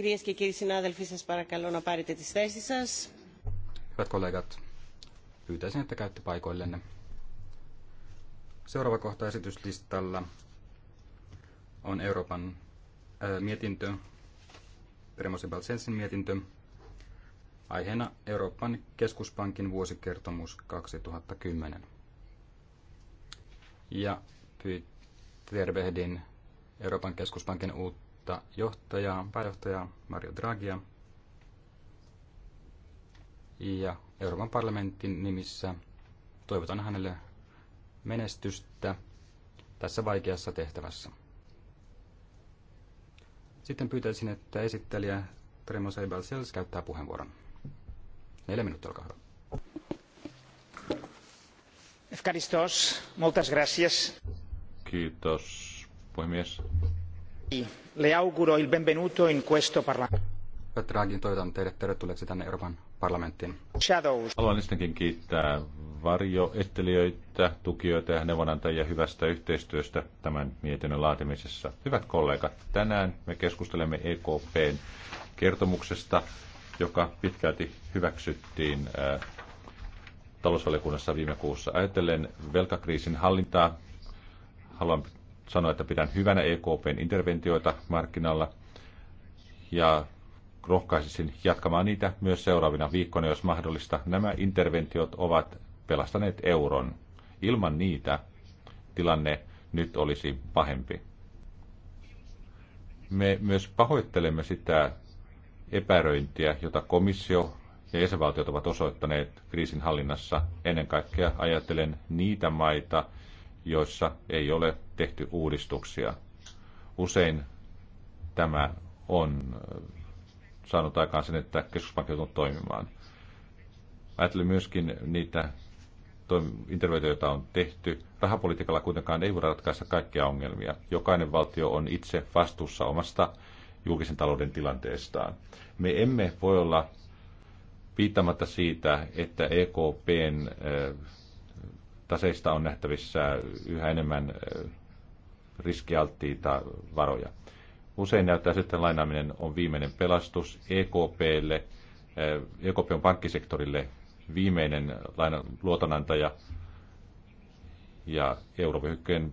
Κυρίες και κύριοι συνάδελφοι, σας παρακαλώ να πάρετε τις θέσεις σας. Hyvät kollegat, pyytäisin, että käytte paikoillenne. Seuraava kohta esityslistalla on Euroopan äh, mietintö, Premosi Balsensin mietintö, aiheena Euroopan keskuspankin vuosikertomus 2010. Ja tervehdin Euroopan keskuspankin uutta uutta johtajaa, pääjohtajaa Mario Draghia. Ja Euroopan parlamentin nimissä toivotan hänelle menestystä tässä vaikeassa tehtävässä. Sitten pyytäisin, että esittelijä Tremo seibel käyttää puheenvuoron. Neljä minuuttia, olkaa hyvä. Kiitos, puhemies. Le auguro il benvenuto in questo parlamento. Draghin, toivotan teidät tervetulleeksi tänne Euroopan parlamenttiin. Shadows. Haluan ensinnäkin kiittää varjoettelijöitä, tukijoita ja neuvonantajia hyvästä yhteistyöstä tämän mietinnön laatimisessa. Hyvät kollegat, tänään me keskustelemme EKPn kertomuksesta, joka pitkälti hyväksyttiin äh, talousvaliokunnassa viime kuussa. Ajatellen velkakriisin hallintaa haluan sanoa, että pidän hyvänä EKPn interventioita markkinalla ja rohkaisisin jatkamaan niitä myös seuraavina viikkoina, jos mahdollista. Nämä interventiot ovat pelastaneet euron. Ilman niitä tilanne nyt olisi pahempi. Me myös pahoittelemme sitä epäröintiä, jota komissio ja jäsenvaltiot ovat osoittaneet kriisin hallinnassa. Ennen kaikkea ajattelen niitä maita, joissa ei ole tehty uudistuksia. Usein tämä on äh, saanut aikaan sen, että keskuspankki on toimimaan. Ajattelin myöskin niitä interventioita, joita on tehty. Rahapolitiikalla kuitenkaan ei voida ratkaista kaikkia ongelmia. Jokainen valtio on itse vastuussa omasta julkisen talouden tilanteestaan. Me emme voi olla viittamatta siitä, että EKPn äh, taseista on nähtävissä yhä enemmän riskialttiita varoja. Usein näyttää sitten lainaaminen on viimeinen pelastus EKPlle, EKP on pankkisektorille viimeinen luotonantaja ja eurovyöhykkeen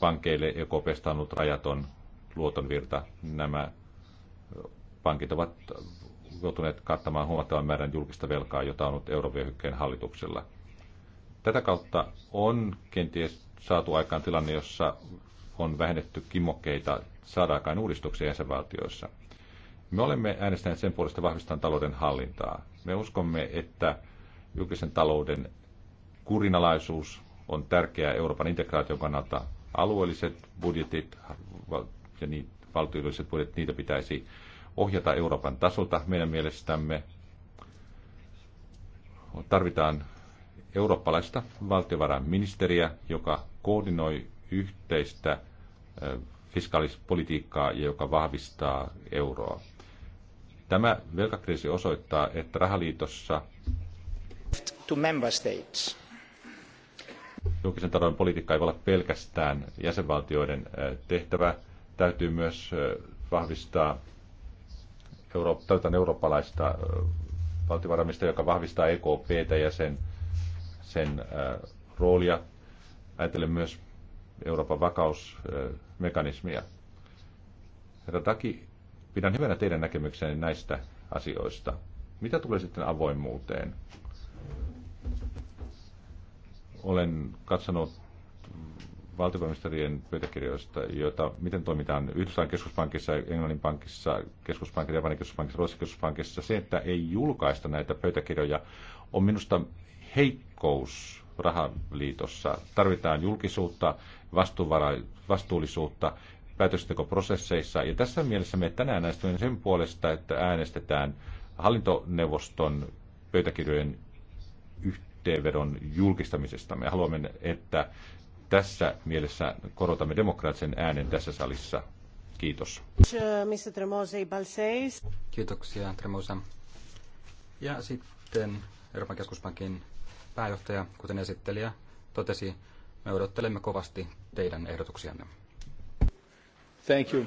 pankeille EKPstä on ollut rajaton luotonvirta. Nämä pankit ovat joutuneet kattamaan huomattavan määrän julkista velkaa, jota on ollut eurovyöhykkeen hallituksella. Tätä kautta on kenties saatu aikaan tilanne, jossa on vähennetty kimokkeita saada aikaan uudistuksia jäsenvaltioissa. Me olemme äänestäneet sen puolesta vahvistaan talouden hallintaa. Me uskomme, että julkisen talouden kurinalaisuus on tärkeää Euroopan integraation kannalta. Alueelliset budjetit ja niin valtiolliset budjetit, niitä pitäisi ohjata Euroopan tasolta meidän mielestämme. Tarvitaan eurooppalaista valtiovarainministeriä, joka koordinoi yhteistä fiskaalispolitiikkaa ja joka vahvistaa euroa. Tämä velkakriisi osoittaa, että rahaliitossa to member states. julkisen talouden politiikka ei voi olla pelkästään jäsenvaltioiden tehtävä. Täytyy myös vahvistaa euro, eurooppalaista valtiovarainministeriä, joka vahvistaa EKPtä ja sen sen äh, roolia. ajatellen myös Euroopan vakausmekanismia. Herra Taki, pidän hyvänä teidän näkemyksenne näistä asioista. Mitä tulee sitten avoimuuteen? Olen katsonut valtiovarainministerien pöytäkirjoista, joita miten toimitaan Yhdysvallan keskuspankissa, Englannin pankissa, keskuspankissa, Japanin keskuspankissa, Ruotsin keskuspankissa. Se, että ei julkaista näitä pöytäkirjoja, on minusta heikkous rahaliitossa. Tarvitaan julkisuutta, vastuullisuutta päätöksentekoprosesseissa. Ja tässä mielessä me tänään äänestämme sen puolesta, että äänestetään hallintoneuvoston pöytäkirjojen yhteenvedon julkistamisesta. Me haluamme, että tässä mielessä korotamme demokraattisen äänen tässä salissa. Kiitos. Kiitoksia, Tremosa. Ja sitten Euroopan keskuspankin pääjohtaja, kuten esittelijä totesi, me odottelemme kovasti teidän ehdotuksianne. Thank you.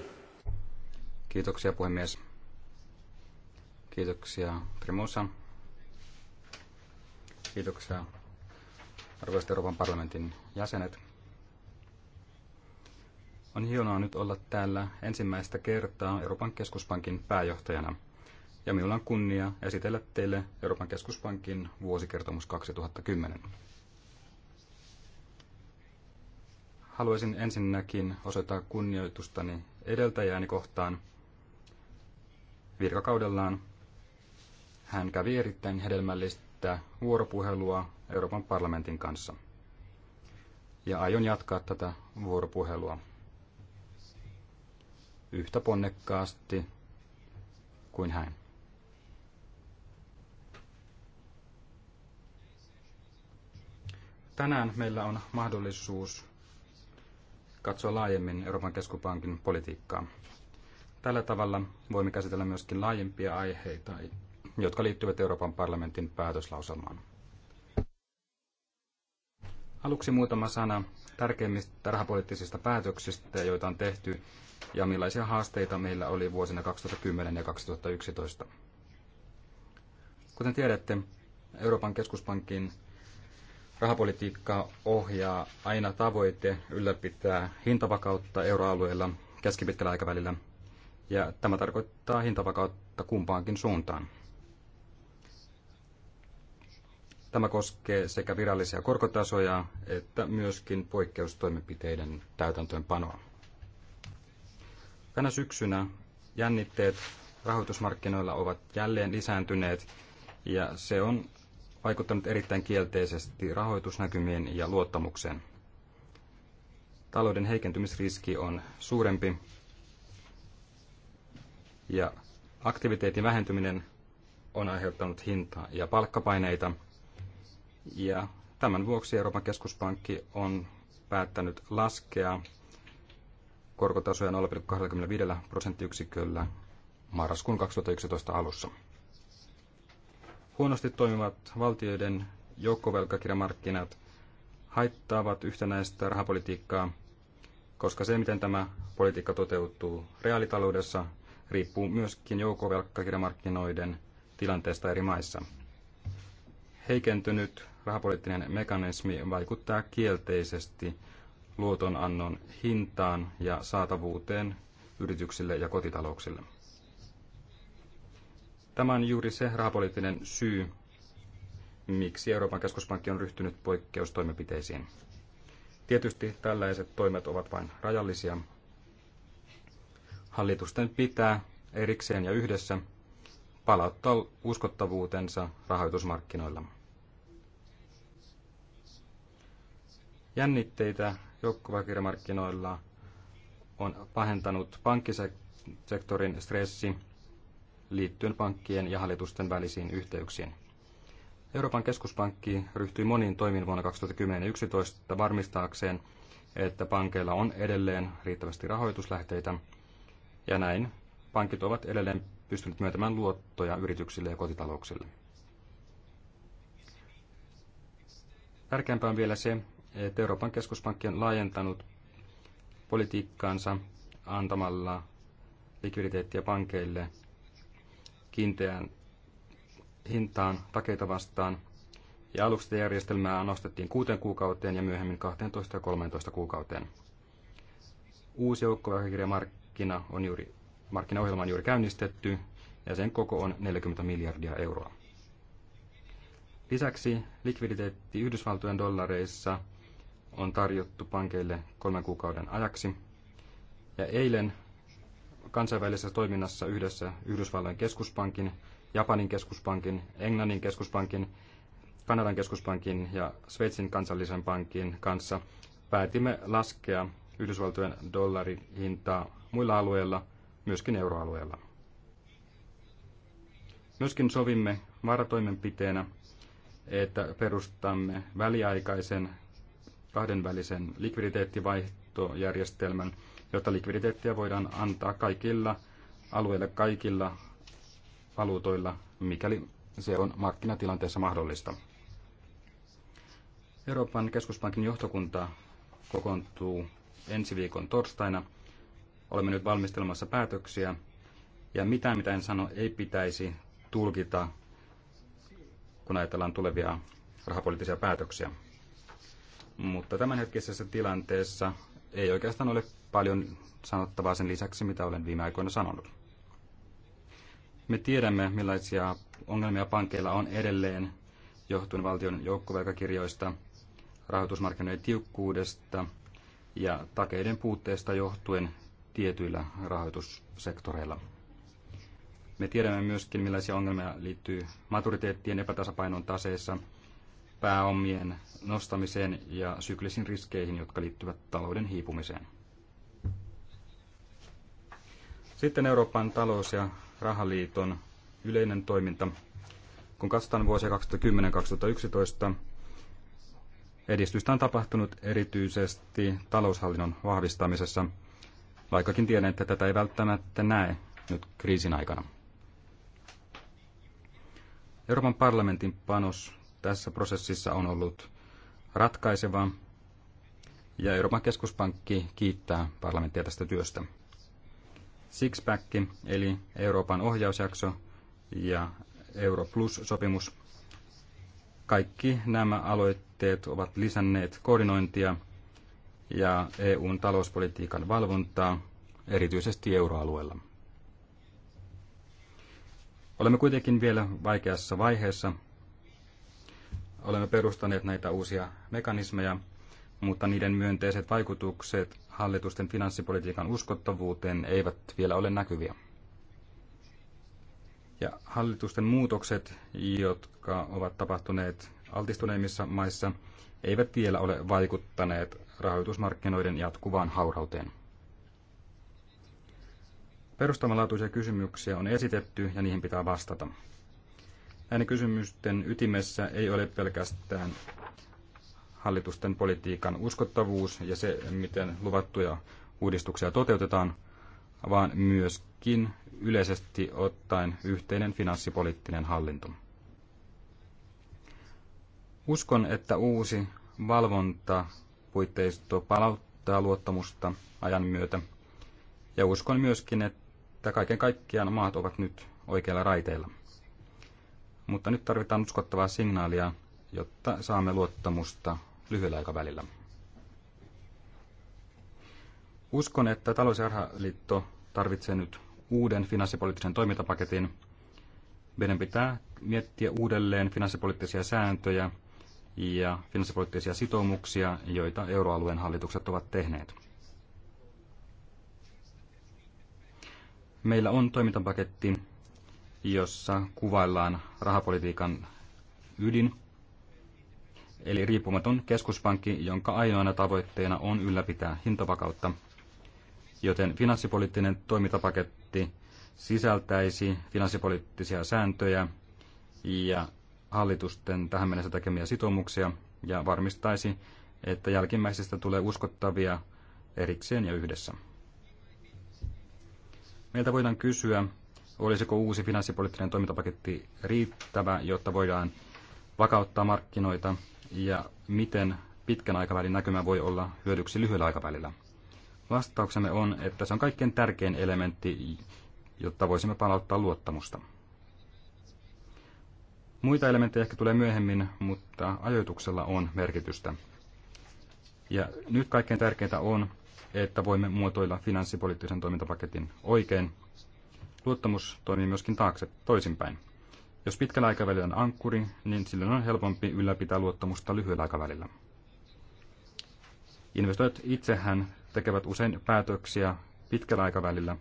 Kiitoksia puhemies. Kiitoksia Trimusa. Kiitoksia arvoisat Euroopan parlamentin jäsenet. On hienoa nyt olla täällä ensimmäistä kertaa Euroopan keskuspankin pääjohtajana ja minulla on kunnia esitellä teille Euroopan keskuspankin vuosikertomus 2010. Haluaisin ensinnäkin osoittaa kunnioitustani edeltäjääni kohtaan. Virkakaudellaan hän kävi erittäin hedelmällistä vuoropuhelua Euroopan parlamentin kanssa. Ja aion jatkaa tätä vuoropuhelua yhtä ponnekkaasti kuin hän. Tänään meillä on mahdollisuus katsoa laajemmin Euroopan keskuspankin politiikkaa. Tällä tavalla voimme käsitellä myöskin laajempia aiheita, jotka liittyvät Euroopan parlamentin päätöslauselmaan. Aluksi muutama sana tärkeimmistä rahapoliittisista päätöksistä, joita on tehty ja millaisia haasteita meillä oli vuosina 2010 ja 2011. Kuten tiedätte, Euroopan keskuspankin Rahapolitiikkaa ohjaa aina tavoite ylläpitää hintavakautta euroalueella keskipitkällä aikavälillä, ja tämä tarkoittaa hintavakautta kumpaankin suuntaan. Tämä koskee sekä virallisia korkotasoja että myöskin poikkeustoimenpiteiden täytäntöönpanoa. Tänä syksynä jännitteet rahoitusmarkkinoilla ovat jälleen lisääntyneet ja se on vaikuttanut erittäin kielteisesti rahoitusnäkymiin ja luottamukseen. Talouden heikentymisriski on suurempi ja aktiviteetin vähentyminen on aiheuttanut hinta- ja palkkapaineita. Ja tämän vuoksi Euroopan keskuspankki on päättänyt laskea korkotasoja 0,25 prosenttiyksiköllä marraskuun 2011 alussa. Huonosti toimivat valtioiden joukkovelkakirjamarkkinat haittaavat yhtenäistä rahapolitiikkaa, koska se, miten tämä politiikka toteutuu reaalitaloudessa, riippuu myöskin joukkovelkakirjamarkkinoiden tilanteesta eri maissa. Heikentynyt rahapoliittinen mekanismi vaikuttaa kielteisesti luotonannon hintaan ja saatavuuteen yrityksille ja kotitalouksille. Tämä on juuri se rahapoliittinen syy, miksi Euroopan keskuspankki on ryhtynyt poikkeustoimenpiteisiin. Tietysti tällaiset toimet ovat vain rajallisia. Hallitusten pitää erikseen ja yhdessä palauttaa uskottavuutensa rahoitusmarkkinoilla. Jännitteitä joukkovakirjamarkkinoilla on pahentanut pankkisektorin stressi liittyen pankkien ja hallitusten välisiin yhteyksiin. Euroopan keskuspankki ryhtyi moniin toimiin vuonna 2010-2011 varmistaakseen, että pankeilla on edelleen riittävästi rahoituslähteitä, ja näin pankit ovat edelleen pystyneet myöntämään luottoja yrityksille ja kotitalouksille. Tärkeämpää on vielä se, että Euroopan keskuspankki on laajentanut politiikkaansa antamalla likviditeettiä pankeille kiinteään hintaan takeita vastaan, ja aluksi järjestelmää nostettiin kuuteen kuukauteen ja myöhemmin 12 ja 13 kuukauteen. Uusi joukkovelkakirjamarkkina on juuri, markkinaohjelma on juuri käynnistetty, ja sen koko on 40 miljardia euroa. Lisäksi likviditeetti Yhdysvaltojen dollareissa on tarjottu pankeille kolmen kuukauden ajaksi. Ja eilen kansainvälisessä toiminnassa yhdessä Yhdysvaltain keskuspankin, Japanin keskuspankin, Englannin keskuspankin, Kanadan keskuspankin ja Sveitsin kansallisen pankin kanssa päätimme laskea Yhdysvaltojen dollarin hintaa muilla alueilla, myöskin euroalueella. Myöskin sovimme varatoimenpiteenä, että perustamme väliaikaisen kahdenvälisen likviditeettivaihtojärjestelmän – jotta likviditeettiä voidaan antaa kaikilla alueilla, kaikilla valuutoilla, mikäli se on markkinatilanteessa mahdollista. Euroopan keskuspankin johtokunta kokoontuu ensi viikon torstaina. Olemme nyt valmistelemassa päätöksiä. Ja mitään, mitä en sano, ei pitäisi tulkita, kun ajatellaan tulevia rahapoliittisia päätöksiä. Mutta tämänhetkisessä tilanteessa ei oikeastaan ole paljon sanottavaa sen lisäksi, mitä olen viime aikoina sanonut. Me tiedämme, millaisia ongelmia pankeilla on edelleen johtuen valtion joukkovelkakirjoista, rahoitusmarkkinoiden tiukkuudesta ja takeiden puutteesta johtuen tietyillä rahoitussektoreilla. Me tiedämme myöskin, millaisia ongelmia liittyy maturiteettien epätasapainon taseessa – pääomien nostamiseen ja syklisiin riskeihin, jotka liittyvät talouden hiipumiseen. Sitten Euroopan talous- ja rahaliiton yleinen toiminta. Kun katsotaan vuosia 2010-2011, edistystä on tapahtunut erityisesti taloushallinnon vahvistamisessa, vaikkakin tiedän, että tätä ei välttämättä näe nyt kriisin aikana. Euroopan parlamentin panos tässä prosessissa on ollut ratkaiseva ja Euroopan keskuspankki kiittää parlamenttia tästä työstä. Sixpack eli Euroopan ohjausjakso ja Europlus sopimus Kaikki nämä aloitteet ovat lisänneet koordinointia ja EUn talouspolitiikan valvontaa, erityisesti euroalueella. Olemme kuitenkin vielä vaikeassa vaiheessa, olemme perustaneet näitä uusia mekanismeja, mutta niiden myönteiset vaikutukset hallitusten finanssipolitiikan uskottavuuteen eivät vielä ole näkyviä. Ja hallitusten muutokset, jotka ovat tapahtuneet altistuneimmissa maissa, eivät vielä ole vaikuttaneet rahoitusmarkkinoiden jatkuvaan haurauteen. Perustavanlaatuisia kysymyksiä on esitetty ja niihin pitää vastata. Näiden kysymysten ytimessä ei ole pelkästään hallitusten politiikan uskottavuus ja se, miten luvattuja uudistuksia toteutetaan, vaan myöskin yleisesti ottaen yhteinen finanssipoliittinen hallinto. Uskon, että uusi valvontapuitteisto palauttaa luottamusta ajan myötä, ja uskon myöskin, että kaiken kaikkiaan maat ovat nyt oikeilla raiteilla mutta nyt tarvitaan uskottavaa signaalia, jotta saamme luottamusta lyhyellä aikavälillä. Uskon, että talous- ja rahaliitto tarvitsee nyt uuden finanssipoliittisen toimintapaketin. Meidän pitää miettiä uudelleen finanssipoliittisia sääntöjä ja finanssipoliittisia sitoumuksia, joita euroalueen hallitukset ovat tehneet. Meillä on toimintapaketti, jossa kuvaillaan rahapolitiikan ydin, eli riippumaton keskuspankki, jonka ainoana tavoitteena on ylläpitää hintavakautta. Joten finanssipoliittinen toimintapaketti sisältäisi finanssipoliittisia sääntöjä ja hallitusten tähän mennessä tekemiä sitoumuksia ja varmistaisi, että jälkimmäisistä tulee uskottavia erikseen ja yhdessä. Meiltä voidaan kysyä, Olisiko uusi finanssipoliittinen toimintapaketti riittävä, jotta voidaan vakauttaa markkinoita ja miten pitkän aikavälin näkymä voi olla hyödyksi lyhyellä aikavälillä? Vastauksemme on, että se on kaikkein tärkein elementti, jotta voisimme palauttaa luottamusta. Muita elementtejä ehkä tulee myöhemmin, mutta ajoituksella on merkitystä. Ja nyt kaikkein tärkeintä on, että voimme muotoilla finanssipoliittisen toimintapaketin oikein Luottamus toimii myöskin taakse toisinpäin. Jos pitkällä aikavälillä on ankkuri, niin silloin on helpompi ylläpitää luottamusta lyhyellä aikavälillä. Investoijat itsehän tekevät usein päätöksiä pitkällä aikavälillä,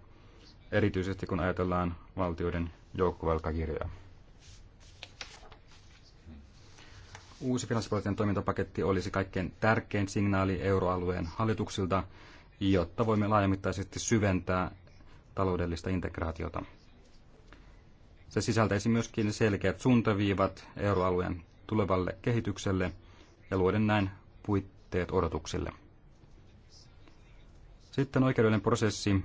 erityisesti kun ajatellaan valtioiden joukkovelkakirjoja. Uusi finanssipoliittinen toimintapaketti olisi kaikkein tärkein signaali euroalueen hallituksilta, jotta voimme laajamittaisesti syventää taloudellista integraatiota. Se sisältäisi myöskin selkeät suuntaviivat euroalueen tulevalle kehitykselle ja luoden näin puitteet odotuksille. Sitten oikeudellinen prosessi,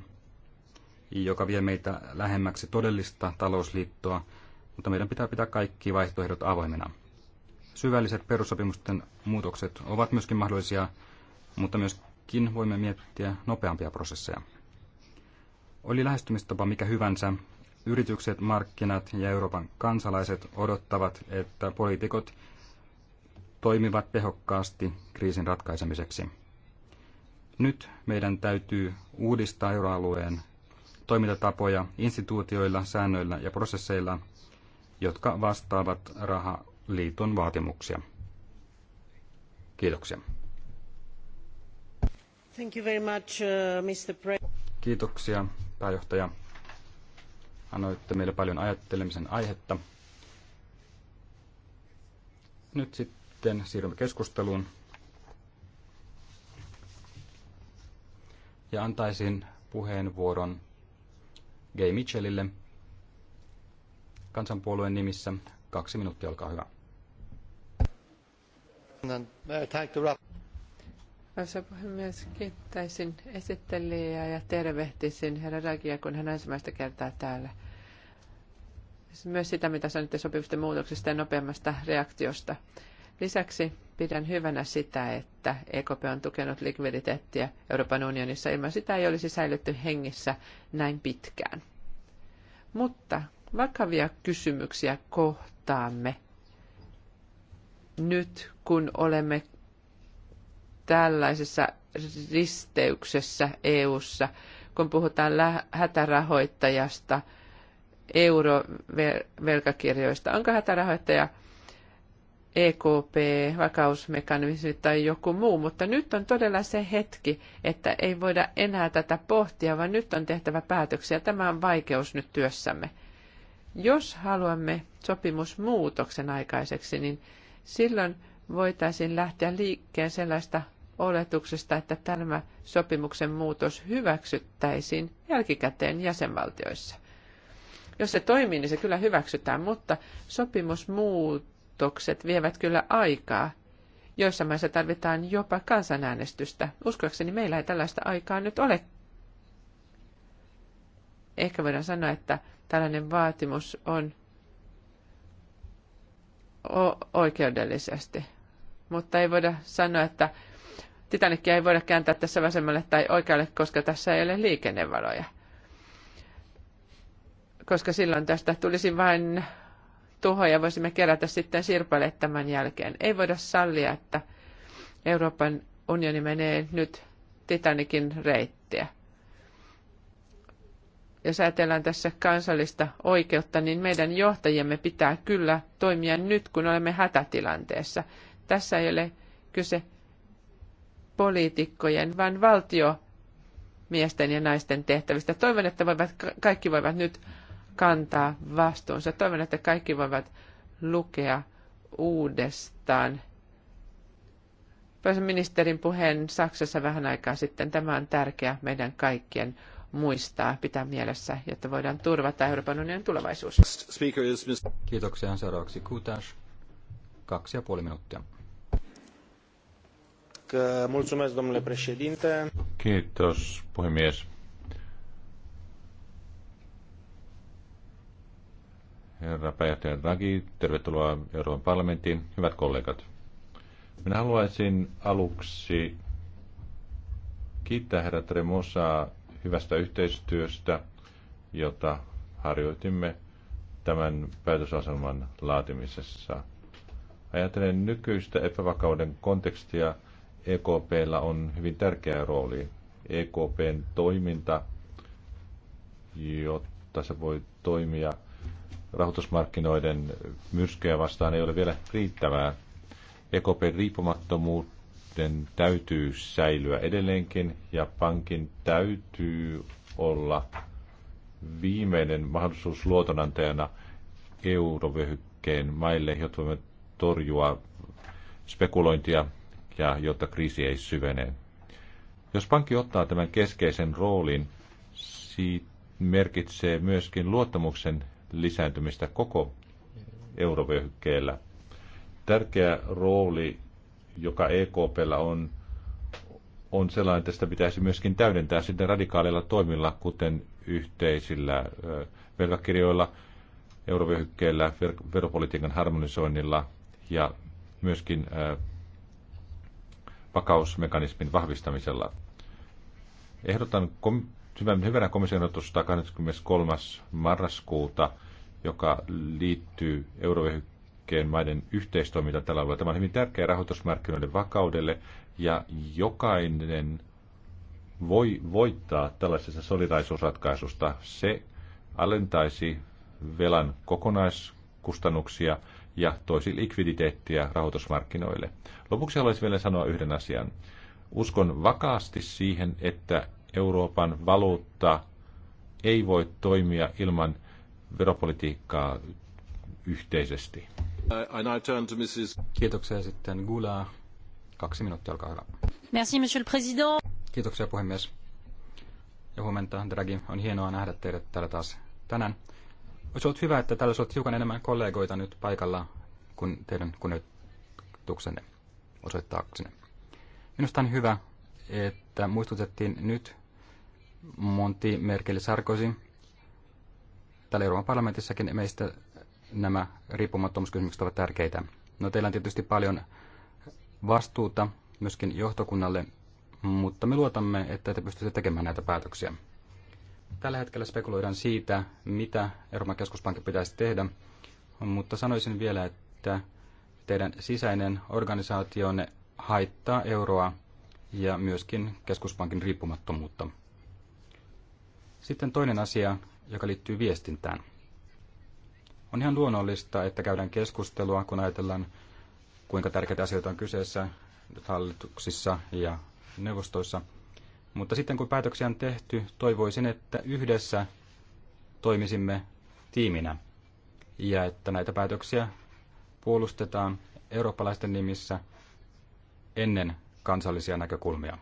joka vie meitä lähemmäksi todellista talousliittoa, mutta meidän pitää pitää kaikki vaihtoehdot avoimena. Syvälliset perussopimusten muutokset ovat myöskin mahdollisia, mutta myöskin voimme miettiä nopeampia prosesseja. Oli lähestymistapa mikä hyvänsä, yritykset, markkinat ja Euroopan kansalaiset odottavat, että poliitikot toimivat tehokkaasti kriisin ratkaisemiseksi. Nyt meidän täytyy uudistaa euroalueen toimintatapoja instituutioilla, säännöillä ja prosesseilla, jotka vastaavat rahaliiton vaatimuksia. Kiitoksia. Thank you very much, uh, Mr. Pre- Kiitoksia, pääjohtaja. Annoitte meille paljon ajattelemisen aihetta. Nyt sitten siirrymme keskusteluun. Ja antaisin puheenvuoron Gay Mitchellille kansanpuolueen nimissä. Kaksi minuuttia, olkaa hyvä. Arvoisa puhemies, kiittäisin esittelijää ja tervehtisin herra Ragia, kun hän ensimmäistä kertaa täällä. Myös sitä, mitä sanoitte sopivusten muutoksista ja nopeammasta reaktiosta. Lisäksi pidän hyvänä sitä, että EKP on tukenut likviditeettiä Euroopan unionissa. Ilman sitä ei olisi säilytty hengissä näin pitkään. Mutta vakavia kysymyksiä kohtaamme nyt, kun olemme tällaisessa risteyksessä EU:ssa, kun puhutaan hätärahoittajasta, eurovelkakirjoista. Onko hätärahoittaja EKP, vakausmekanismi tai joku muu, mutta nyt on todella se hetki, että ei voida enää tätä pohtia, vaan nyt on tehtävä päätöksiä. Tämä on vaikeus nyt työssämme. Jos haluamme sopimusmuutoksen aikaiseksi, niin silloin voitaisiin lähteä liikkeen sellaista oletuksesta, että tämä sopimuksen muutos hyväksyttäisiin jälkikäteen jäsenvaltioissa. Jos se toimii, niin se kyllä hyväksytään, mutta sopimusmuutokset vievät kyllä aikaa. Joissain maissa tarvitaan jopa kansanäänestystä. Uskoakseni meillä ei tällaista aikaa nyt ole. Ehkä voidaan sanoa, että tällainen vaatimus on oikeudellisesti, mutta ei voida sanoa, että Titanikkiä ei voida kääntää tässä vasemmalle tai oikealle, koska tässä ei ole liikennevaloja. Koska silloin tästä tulisi vain tuhoja, voisimme kerätä sitten sirpaleet tämän jälkeen. Ei voida sallia, että Euroopan unioni menee nyt Titanikin reittiä. Jos ajatellaan tässä kansallista oikeutta, niin meidän johtajiemme pitää kyllä toimia nyt, kun olemme hätätilanteessa. Tässä ei ole kyse poliitikkojen, vaan valtiomiesten ja naisten tehtävistä. Toivon, että voivat, kaikki voivat nyt kantaa vastuunsa. Toivon, että kaikki voivat lukea uudestaan ministerin puheen Saksassa vähän aikaa sitten. Tämä on tärkeää meidän kaikkien muistaa, pitää mielessä, jotta voidaan turvata Euroopan unionin tulevaisuus. Kiitoksia. Seuraavaksi Kutash. Kaksi ja puoli minuuttia. Uh, mulțumesc, domnule președinte. Kiitos, puhemies. Herra pääjohtaja Draghi, tervetuloa Euroopan parlamenttiin. Hyvät kollegat, minä haluaisin aluksi kiittää herra Tremosaa hyvästä yhteistyöstä, jota harjoitimme tämän päätösaseman laatimisessa. Ajattelen nykyistä epävakauden kontekstia – EKPllä on hyvin tärkeä rooli. EKPn toiminta, jotta se voi toimia rahoitusmarkkinoiden myrskyjä vastaan, ei ole vielä riittävää. EKPn riippumattomuuden täytyy säilyä edelleenkin ja pankin täytyy olla viimeinen mahdollisuus luotonantajana eurovyöhykkeen maille, jotta voimme torjua spekulointia ja jotta kriisi ei syvene. Jos pankki ottaa tämän keskeisen roolin, siitä merkitsee myöskin luottamuksen lisääntymistä koko eurovyöhykkeellä. Tärkeä rooli, joka EKPllä on, on sellainen, että sitä pitäisi myöskin täydentää sitten radikaaleilla toimilla, kuten yhteisillä velkakirjoilla, eurovyöhykkeellä, veropolitiikan harmonisoinnilla ja myöskin vakausmekanismin vahvistamisella. Ehdotan kom- hyvänä komission ehdotusta 23. marraskuuta, joka liittyy eurovyöhykkeen maiden yhteistoiminta tällä alueella. Tämä on hyvin tärkeä rahoitusmarkkinoiden vakaudelle ja jokainen voi voittaa tällaisesta solidaisuusratkaisusta. Se alentaisi velan kokonaiskustannuksia – ja toisi likviditeettiä rahoitusmarkkinoille. Lopuksi haluaisin vielä sanoa yhden asian. Uskon vakaasti siihen, että Euroopan valuutta ei voi toimia ilman veropolitiikkaa yhteisesti. Kiitoksia sitten Gula. Kaksi minuuttia, olkaa hyvä. Merci, monsieur le président. Kiitoksia puhemies. Ja huomenta, Draghi. On hienoa nähdä teidät täällä taas tänään. Olisi ollut hyvä, että täällä olisi hiukan enemmän kollegoita nyt paikalla, kun teidän kunnioituksenne osoittaaksenne. Minusta on hyvä, että muistutettiin nyt Monti Merkeli Sarkozy. Täällä Euroopan parlamentissakin meistä nämä riippumattomuuskysymykset ovat tärkeitä. No teillä on tietysti paljon vastuuta myöskin johtokunnalle, mutta me luotamme, että te pystytte tekemään näitä päätöksiä. Tällä hetkellä spekuloidaan siitä, mitä Euroopan keskuspankki pitäisi tehdä, mutta sanoisin vielä, että teidän sisäinen organisaationne haittaa euroa ja myöskin keskuspankin riippumattomuutta. Sitten toinen asia, joka liittyy viestintään. On ihan luonnollista, että käydään keskustelua, kun ajatellaan, kuinka tärkeitä asioita on kyseessä hallituksissa ja neuvostoissa – mutta sitten kun päätöksiä on tehty, toivoisin, että yhdessä toimisimme tiiminä ja että näitä päätöksiä puolustetaan eurooppalaisten nimissä ennen kansallisia näkökulmia.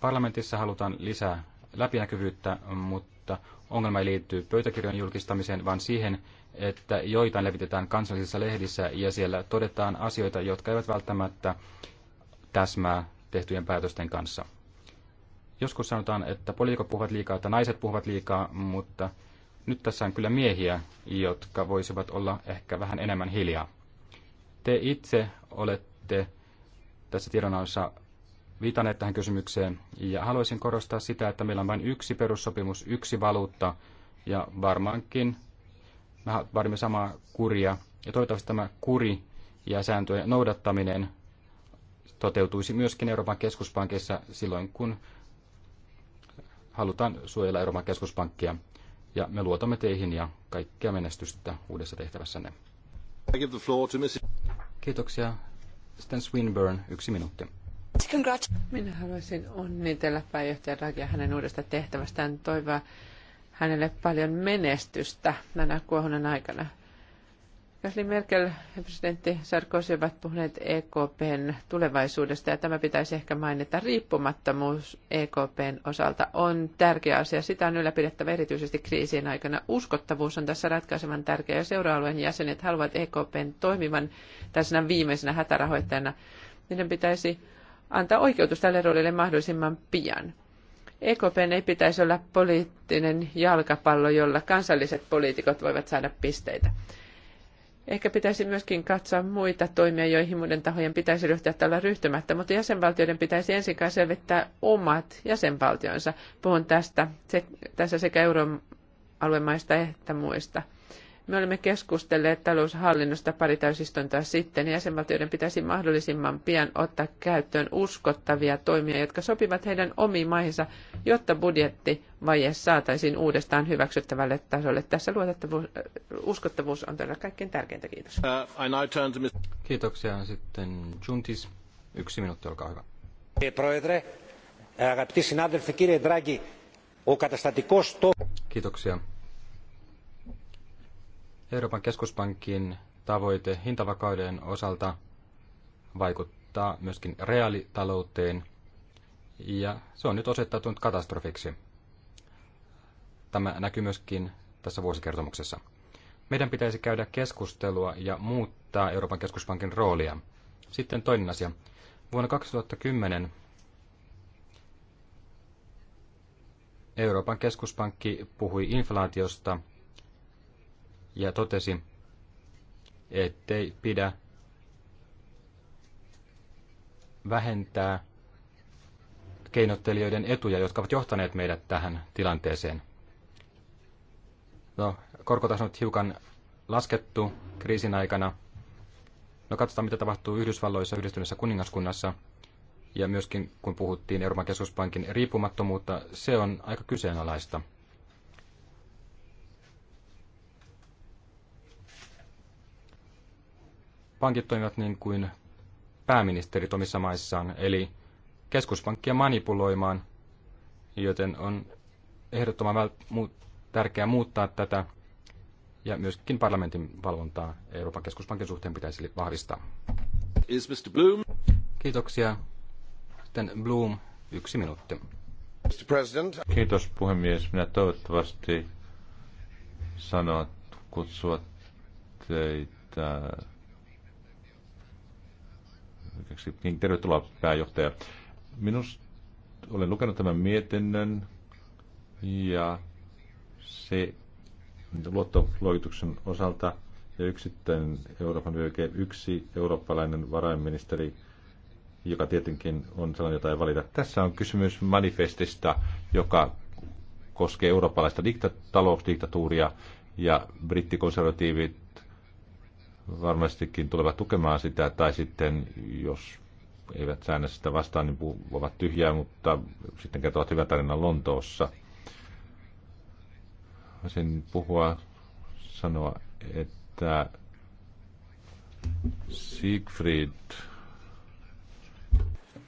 Parlamentissa halutaan lisää läpinäkyvyyttä, mutta ongelma ei liittyy pöytäkirjan julkistamiseen, vaan siihen, että joitain levitetään kansallisissa lehdissä ja siellä todetaan asioita, jotka eivät välttämättä täsmää tehtyjen päätösten kanssa. Joskus sanotaan, että poliitikot puhuvat liikaa, että naiset puhuvat liikaa, mutta nyt tässä on kyllä miehiä, jotka voisivat olla ehkä vähän enemmän hiljaa. Te itse olette tässä tiedonannossa viitanneet tähän kysymykseen, ja haluaisin korostaa sitä, että meillä on vain yksi perussopimus, yksi valuutta, ja varmaankin me vaadimme samaa kuria, ja toivottavasti tämä kuri ja sääntöjen noudattaminen toteutuisi myöskin Euroopan keskuspankissa silloin, kun halutaan suojella Euroopan keskuspankkia. Ja me luotamme teihin ja kaikkea menestystä uudessa tehtävässänne. Kiitoksia. Sitten Swinburne, yksi minuutti. Minä haluaisin onnitella pääjohtaja Ragia hänen uudesta tehtävästään. Toivoa hänelle paljon menestystä tänä kuohunnan aikana. Kansli Merkel ja presidentti Sarkozy ovat puhuneet EKPn tulevaisuudesta ja tämä pitäisi ehkä mainita. Riippumattomuus EKPn osalta on tärkeä asia. Sitä on ylläpidettävä erityisesti kriisien aikana. Uskottavuus on tässä ratkaisevan tärkeä. Jos euroalueen jäsenet haluavat EKPn toimivan tässä viimeisenä hätärahoittajana, niiden pitäisi antaa oikeutus tälle roolille mahdollisimman pian. EKPn ei pitäisi olla poliittinen jalkapallo, jolla kansalliset poliitikot voivat saada pisteitä. Ehkä pitäisi myöskin katsoa muita toimia, joihin muiden tahojen pitäisi ryhtyä tällä ryhtymättä, mutta jäsenvaltioiden pitäisi ensin selvittää omat jäsenvaltionsa. Puhun tästä tässä sekä euroalueen maista että muista. Me olemme keskustelleet taloushallinnosta pari täysistuntoa sitten. Jäsenvaltioiden pitäisi mahdollisimman pian ottaa käyttöön uskottavia toimia, jotka sopivat heidän omiin maihinsa, jotta budjettivaje saataisiin uudestaan hyväksyttävälle tasolle. Tässä luotettavuus, äh, uskottavuus on todella kaikkein tärkeintä. Kiitos. Uh, Kiitoksia. Sitten Juntis. Yksi minuutti, olkaa hyvä. Kiitoksia. Euroopan keskuspankin tavoite hintavakauden osalta vaikuttaa myöskin reaalitalouteen, ja se on nyt osoittautunut katastrofiksi. Tämä näkyy myöskin tässä vuosikertomuksessa. Meidän pitäisi käydä keskustelua ja muuttaa Euroopan keskuspankin roolia. Sitten toinen asia. Vuonna 2010 Euroopan keskuspankki puhui inflaatiosta – ja totesi, ettei pidä vähentää keinottelijoiden etuja, jotka ovat johtaneet meidät tähän tilanteeseen. No, on hiukan laskettu kriisin aikana. No katsotaan, mitä tapahtuu Yhdysvalloissa, yhdistyneessä kuningaskunnassa. Ja myöskin kun puhuttiin Euroopan keskuspankin riippumattomuutta, se on aika kyseenalaista – pankit toimivat niin kuin pääministerit omissa maissaan, eli keskuspankkia manipuloimaan, joten on ehdottoman tärkeää muuttaa tätä ja myöskin parlamentin valvontaa Euroopan keskuspankin suhteen pitäisi vahvistaa. Is Mr. Bloom. Kiitoksia. Sitten Bloom, yksi minuutti. Mr. President. Kiitos puhemies. Minä toivottavasti sanon kutsua teitä niin, tervetuloa pääjohtaja. Minus, olen lukenut tämän mietinnön ja se luottoluokituksen osalta ja yksittäinen Euroopan vyöhyke, yksi eurooppalainen varainministeri, joka tietenkin on sellainen, jota ei valita. Tässä on kysymys manifestista, joka koskee eurooppalaista dikta- talousdiktatuuria ja brittikonservatiivit varmastikin tulevat tukemaan sitä, tai sitten jos eivät säännä sitä vastaan, niin ovat tyhjää, mutta sitten kertovat hyvän tarinan Lontoossa. Voisin puhua, sanoa, että Siegfried.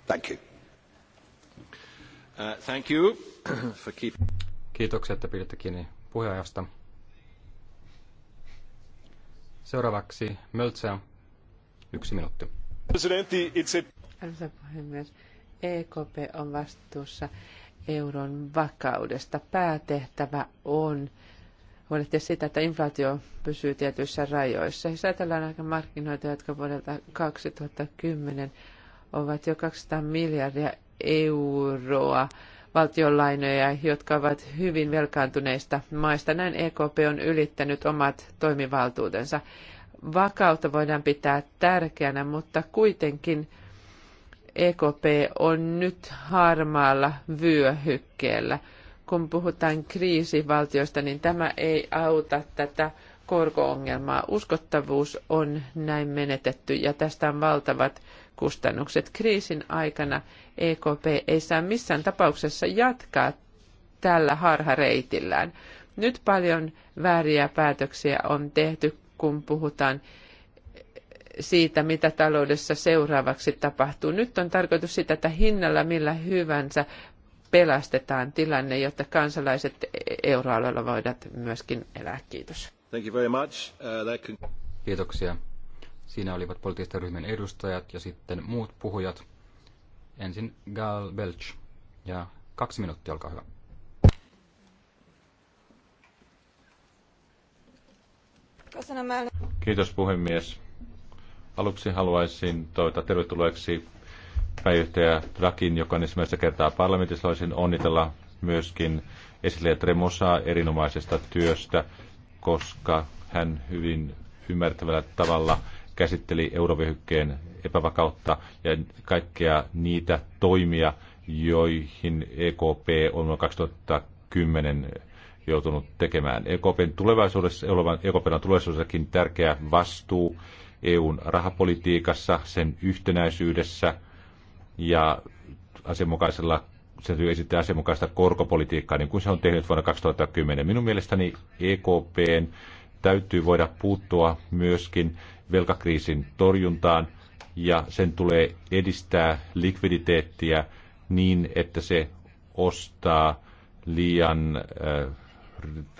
Thank you. Uh, thank you for keep... Kiitoksia, että pidätte kiinni puheenjohtajasta. Seuraavaksi Möltsä, yksi minuutti. Arvoisa puhemies, EKP on vastuussa euron vakaudesta. Päätehtävä on huolehtia sitä, että inflaatio pysyy tietyissä rajoissa. Jos ajatellaan aika markkinoita, jotka vuodelta 2010 ovat jo 200 miljardia euroa valtionlainoja, jotka ovat hyvin velkaantuneista maista. Näin EKP on ylittänyt omat toimivaltuutensa. Vakautta voidaan pitää tärkeänä, mutta kuitenkin EKP on nyt harmaalla vyöhykkeellä. Kun puhutaan kriisivaltioista, niin tämä ei auta tätä korkoongelmaa. Uskottavuus on näin menetetty ja tästä on valtavat kustannukset. Kriisin aikana EKP ei saa missään tapauksessa jatkaa tällä harhareitillään. Nyt paljon vääriä päätöksiä on tehty, kun puhutaan siitä, mitä taloudessa seuraavaksi tapahtuu. Nyt on tarkoitus sitä, että hinnalla millä hyvänsä pelastetaan tilanne, jotta kansalaiset euroalueella voivat myöskin elää. Kiitos. Thank you very much. Uh, Kiitoksia. Siinä olivat poliittisten ryhmien edustajat ja sitten muut puhujat. Ensin Gal Belch. Ja kaksi minuuttia, olkaa hyvä. Kiitos puhemies. Aluksi haluaisin toivottaa tervetulleeksi pääjohtaja Drakin, joka on ensimmäistä kertaa parlamentissa. Haluaisin onnitella myöskin esille Tremosaa erinomaisesta työstä, koska hän hyvin ymmärtävällä tavalla – käsitteli eurovyöhykkeen epävakautta ja kaikkea niitä toimia, joihin EKP on 2010 joutunut tekemään. EKPn tulevaisuudessa, EKPn e on tulevaisuudessakin tärkeä vastuu EUn rahapolitiikassa, sen yhtenäisyydessä ja asianmukaisella se täytyy esittää asianmukaista korkopolitiikkaa, niin kuin se on tehnyt vuonna 2010. Minun mielestäni EKPn täytyy voida puuttua myöskin velkakriisin torjuntaan ja sen tulee edistää likviditeettiä niin, että se ostaa liian äh,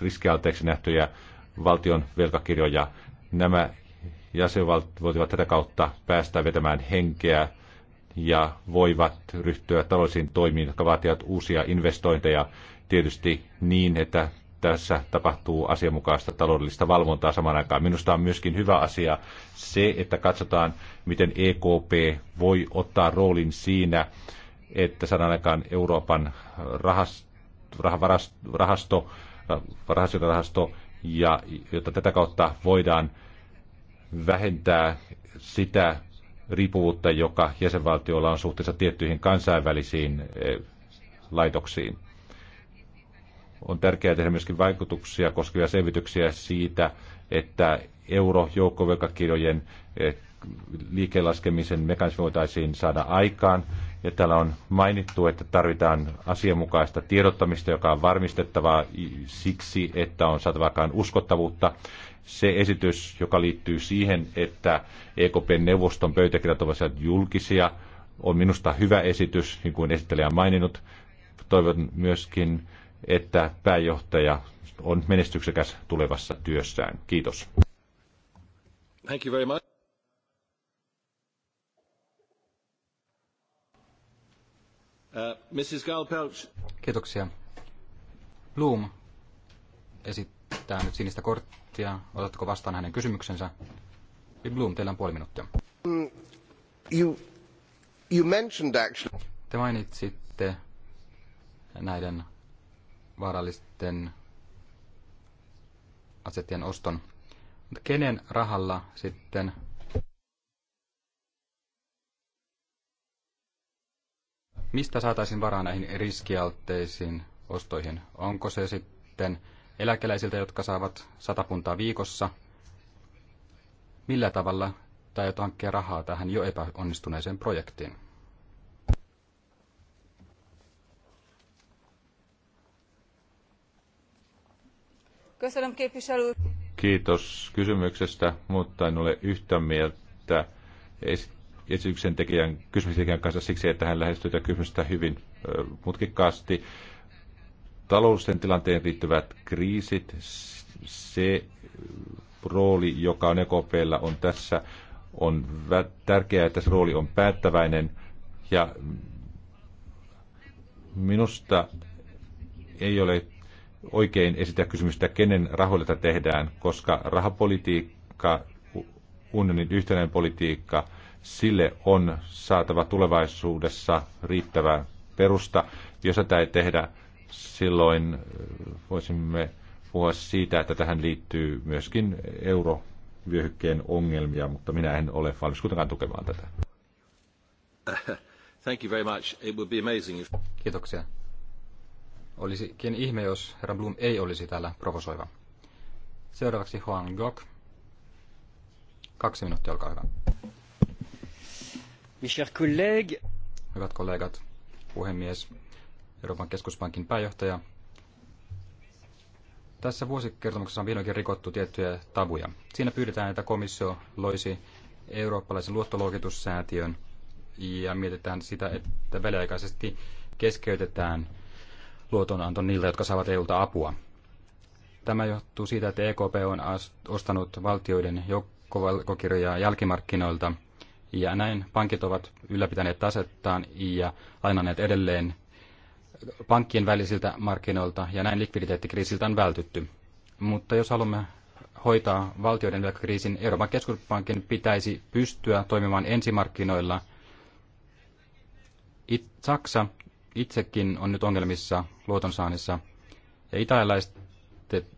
riskialteeksi nähtyjä valtion velkakirjoja. Nämä jäsenvaltiot voivat tätä kautta päästä vetämään henkeä ja voivat ryhtyä taloudellisiin toimiin, jotka vaativat uusia investointeja tietysti niin, että tässä tapahtuu asianmukaista taloudellista valvontaa saman aikaan. Minusta on myöskin hyvä asia se, että katsotaan, miten EKP voi ottaa roolin siinä, että saadaan aikaan Euroopan rahasto, rahasto, rahasto, ja jotta tätä kautta voidaan vähentää sitä riippuvuutta, joka jäsenvaltioilla on suhteessa tiettyihin kansainvälisiin eh, laitoksiin. On tärkeää tehdä myöskin vaikutuksia koskevia selvityksiä siitä, että euro joukkovelkakirjojen eh, liikelaskemisen mekanismi voitaisiin saada aikaan. Ja täällä on mainittu, että tarvitaan asianmukaista tiedottamista, joka on varmistettavaa siksi, että on saatavakaan uskottavuutta. Se esitys, joka liittyy siihen, että EKP-neuvoston pöytäkirjat ovat julkisia, on minusta hyvä esitys, niin kuin esittelijä on maininnut. Toivon myöskin että pääjohtaja on menestyksekäs tulevassa työssään. Kiitos. Thank you very much. Uh, Mrs. Galpelch. Kiitoksia. Bloom esittää nyt sinistä korttia. Otatko vastaan hänen kysymyksensä? Bloom, teillä on puoli minuuttia. Mm, you, you mentioned actually... Te mainitsitte näiden vaarallisten asettien oston. Mutta kenen rahalla sitten mistä saataisiin varaa näihin riskialtteisiin ostoihin? Onko se sitten eläkeläisiltä, jotka saavat 100 puntaa viikossa? Millä tavalla tai hankkia rahaa tähän jo epäonnistuneeseen projektiin? Kiitos kysymyksestä, mutta en ole yhtä mieltä esityksen tekijän, kysymyksen kanssa siksi, että hän lähestyy tätä kysymystä hyvin mutkikkaasti. Talousten tilanteen liittyvät kriisit, se rooli, joka on EKPllä on tässä, on tärkeää, että se rooli on päättäväinen. Ja minusta ei ole oikein esittää kysymystä, kenen rahoilla tehdään, koska rahapolitiikka, unionin yhtenäinen politiikka, sille on saatava tulevaisuudessa riittävä perusta. Jos tätä ei tehdä, silloin äh, voisimme puhua siitä, että tähän liittyy myöskin eurovyöhykkeen ongelmia, mutta minä en ole valmis kuitenkaan tukemaan tätä. Thank you very much. It would be amazing if... Kiitoksia. Olisikin ihme, jos herra Blum ei olisi täällä provosoiva. Seuraavaksi Huang Gok. Kaksi minuuttia, olkaa hyvä. Hyvät kollegat, puhemies, Euroopan keskuspankin pääjohtaja. Tässä vuosikertomuksessa on vihdoinkin rikottu tiettyjä tabuja. Siinä pyydetään, että komissio loisi eurooppalaisen luottoluokitussäätiön ja mietitään sitä, että väliaikaisesti keskeytetään – luotonanto niiltä, jotka saavat EUlta apua. Tämä johtuu siitä, että EKP on ostanut valtioiden joukkovalkokirjaa jälkimarkkinoilta, ja näin pankit ovat ylläpitäneet tasettaan ja lainanneet edelleen pankkien välisiltä markkinoilta, ja näin likviditeettikriisiltä on vältytty. Mutta jos haluamme hoitaa valtioiden velkakriisin, Euroopan keskuspankin pitäisi pystyä toimimaan ensimarkkinoilla. It- Saksa itsekin on nyt ongelmissa luotonsaannissa. Ja itäläisten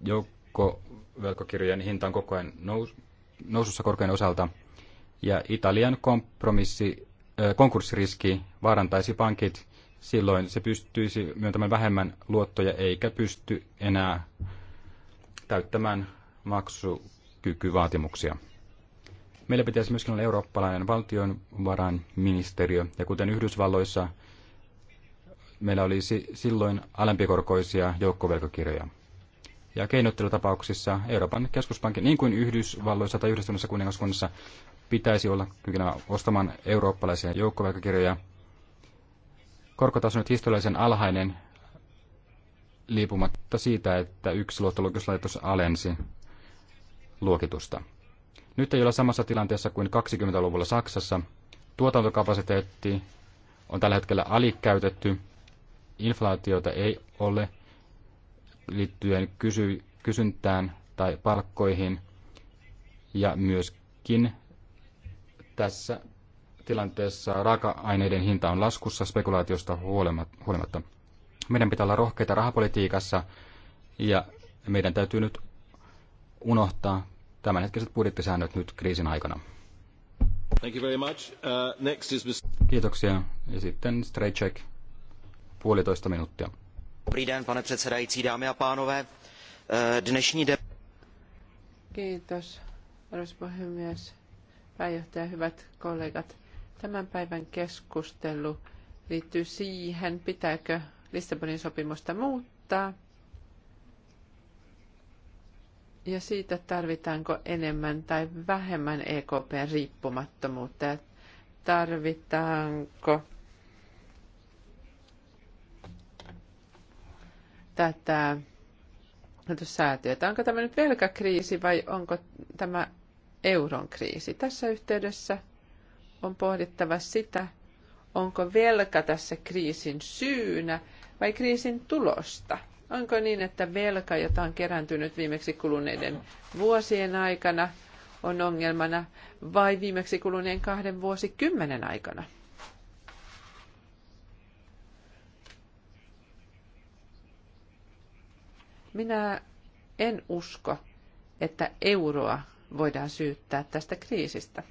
joukkovelkokirjojen hinta on koko ajan nous, nousussa korkean osalta. Ja Italian kompromissi, äh, konkurssiriski vaarantaisi pankit. Silloin se pystyisi myöntämään vähemmän luottoja eikä pysty enää täyttämään maksukykyvaatimuksia. Meillä pitäisi myöskin olla eurooppalainen valtionvarainministeriö, ja kuten Yhdysvalloissa, meillä olisi silloin alempikorkoisia joukkovelkakirjoja. Ja keinottelutapauksissa Euroopan keskuspankin, niin kuin Yhdysvalloissa tai Yhdistyneessä kuningaskunnassa, pitäisi olla kykenevä ostamaan eurooppalaisia joukkovelkakirjoja. Korkotaso on nyt historiallisen alhainen, liipumatta siitä, että yksi luottoluokituslaitos alensi luokitusta. Nyt ei olla samassa tilanteessa kuin 20-luvulla Saksassa. Tuotantokapasiteetti on tällä hetkellä alikäytetty inflaatiota ei ole liittyen kysy- kysyntään tai palkkoihin. Ja myöskin tässä tilanteessa raaka-aineiden hinta on laskussa spekulaatiosta huolimatta. Meidän pitää olla rohkeita rahapolitiikassa ja meidän täytyy nyt unohtaa tämänhetkiset budjettisäännöt nyt kriisin aikana. Thank you very much. Uh, next is... Kiitoksia. Ja sitten check puolitoista minuuttia. Dobrý den, pane předsedající, dámy a pánové. Eh, dnešní de... Kiitos, pääjohtaja, hyvät kollegat. Tämän päivän keskustelu liittyy siihen, pitääkö Lissabonin sopimusta muuttaa ja siitä, tarvitaanko enemmän tai vähemmän EKPn riippumattomuutta ja tarvitaanko tätä säätiötä. Onko tämä nyt velkakriisi vai onko tämä euron kriisi? Tässä yhteydessä on pohdittava sitä, onko velka tässä kriisin syynä vai kriisin tulosta. Onko niin, että velka, jota on kerääntynyt viimeksi kuluneiden vuosien aikana, on ongelmana vai viimeksi kuluneen kahden vuosikymmenen aikana? Minä en usko, että euroa voidaan syyttää tästä kriisistä.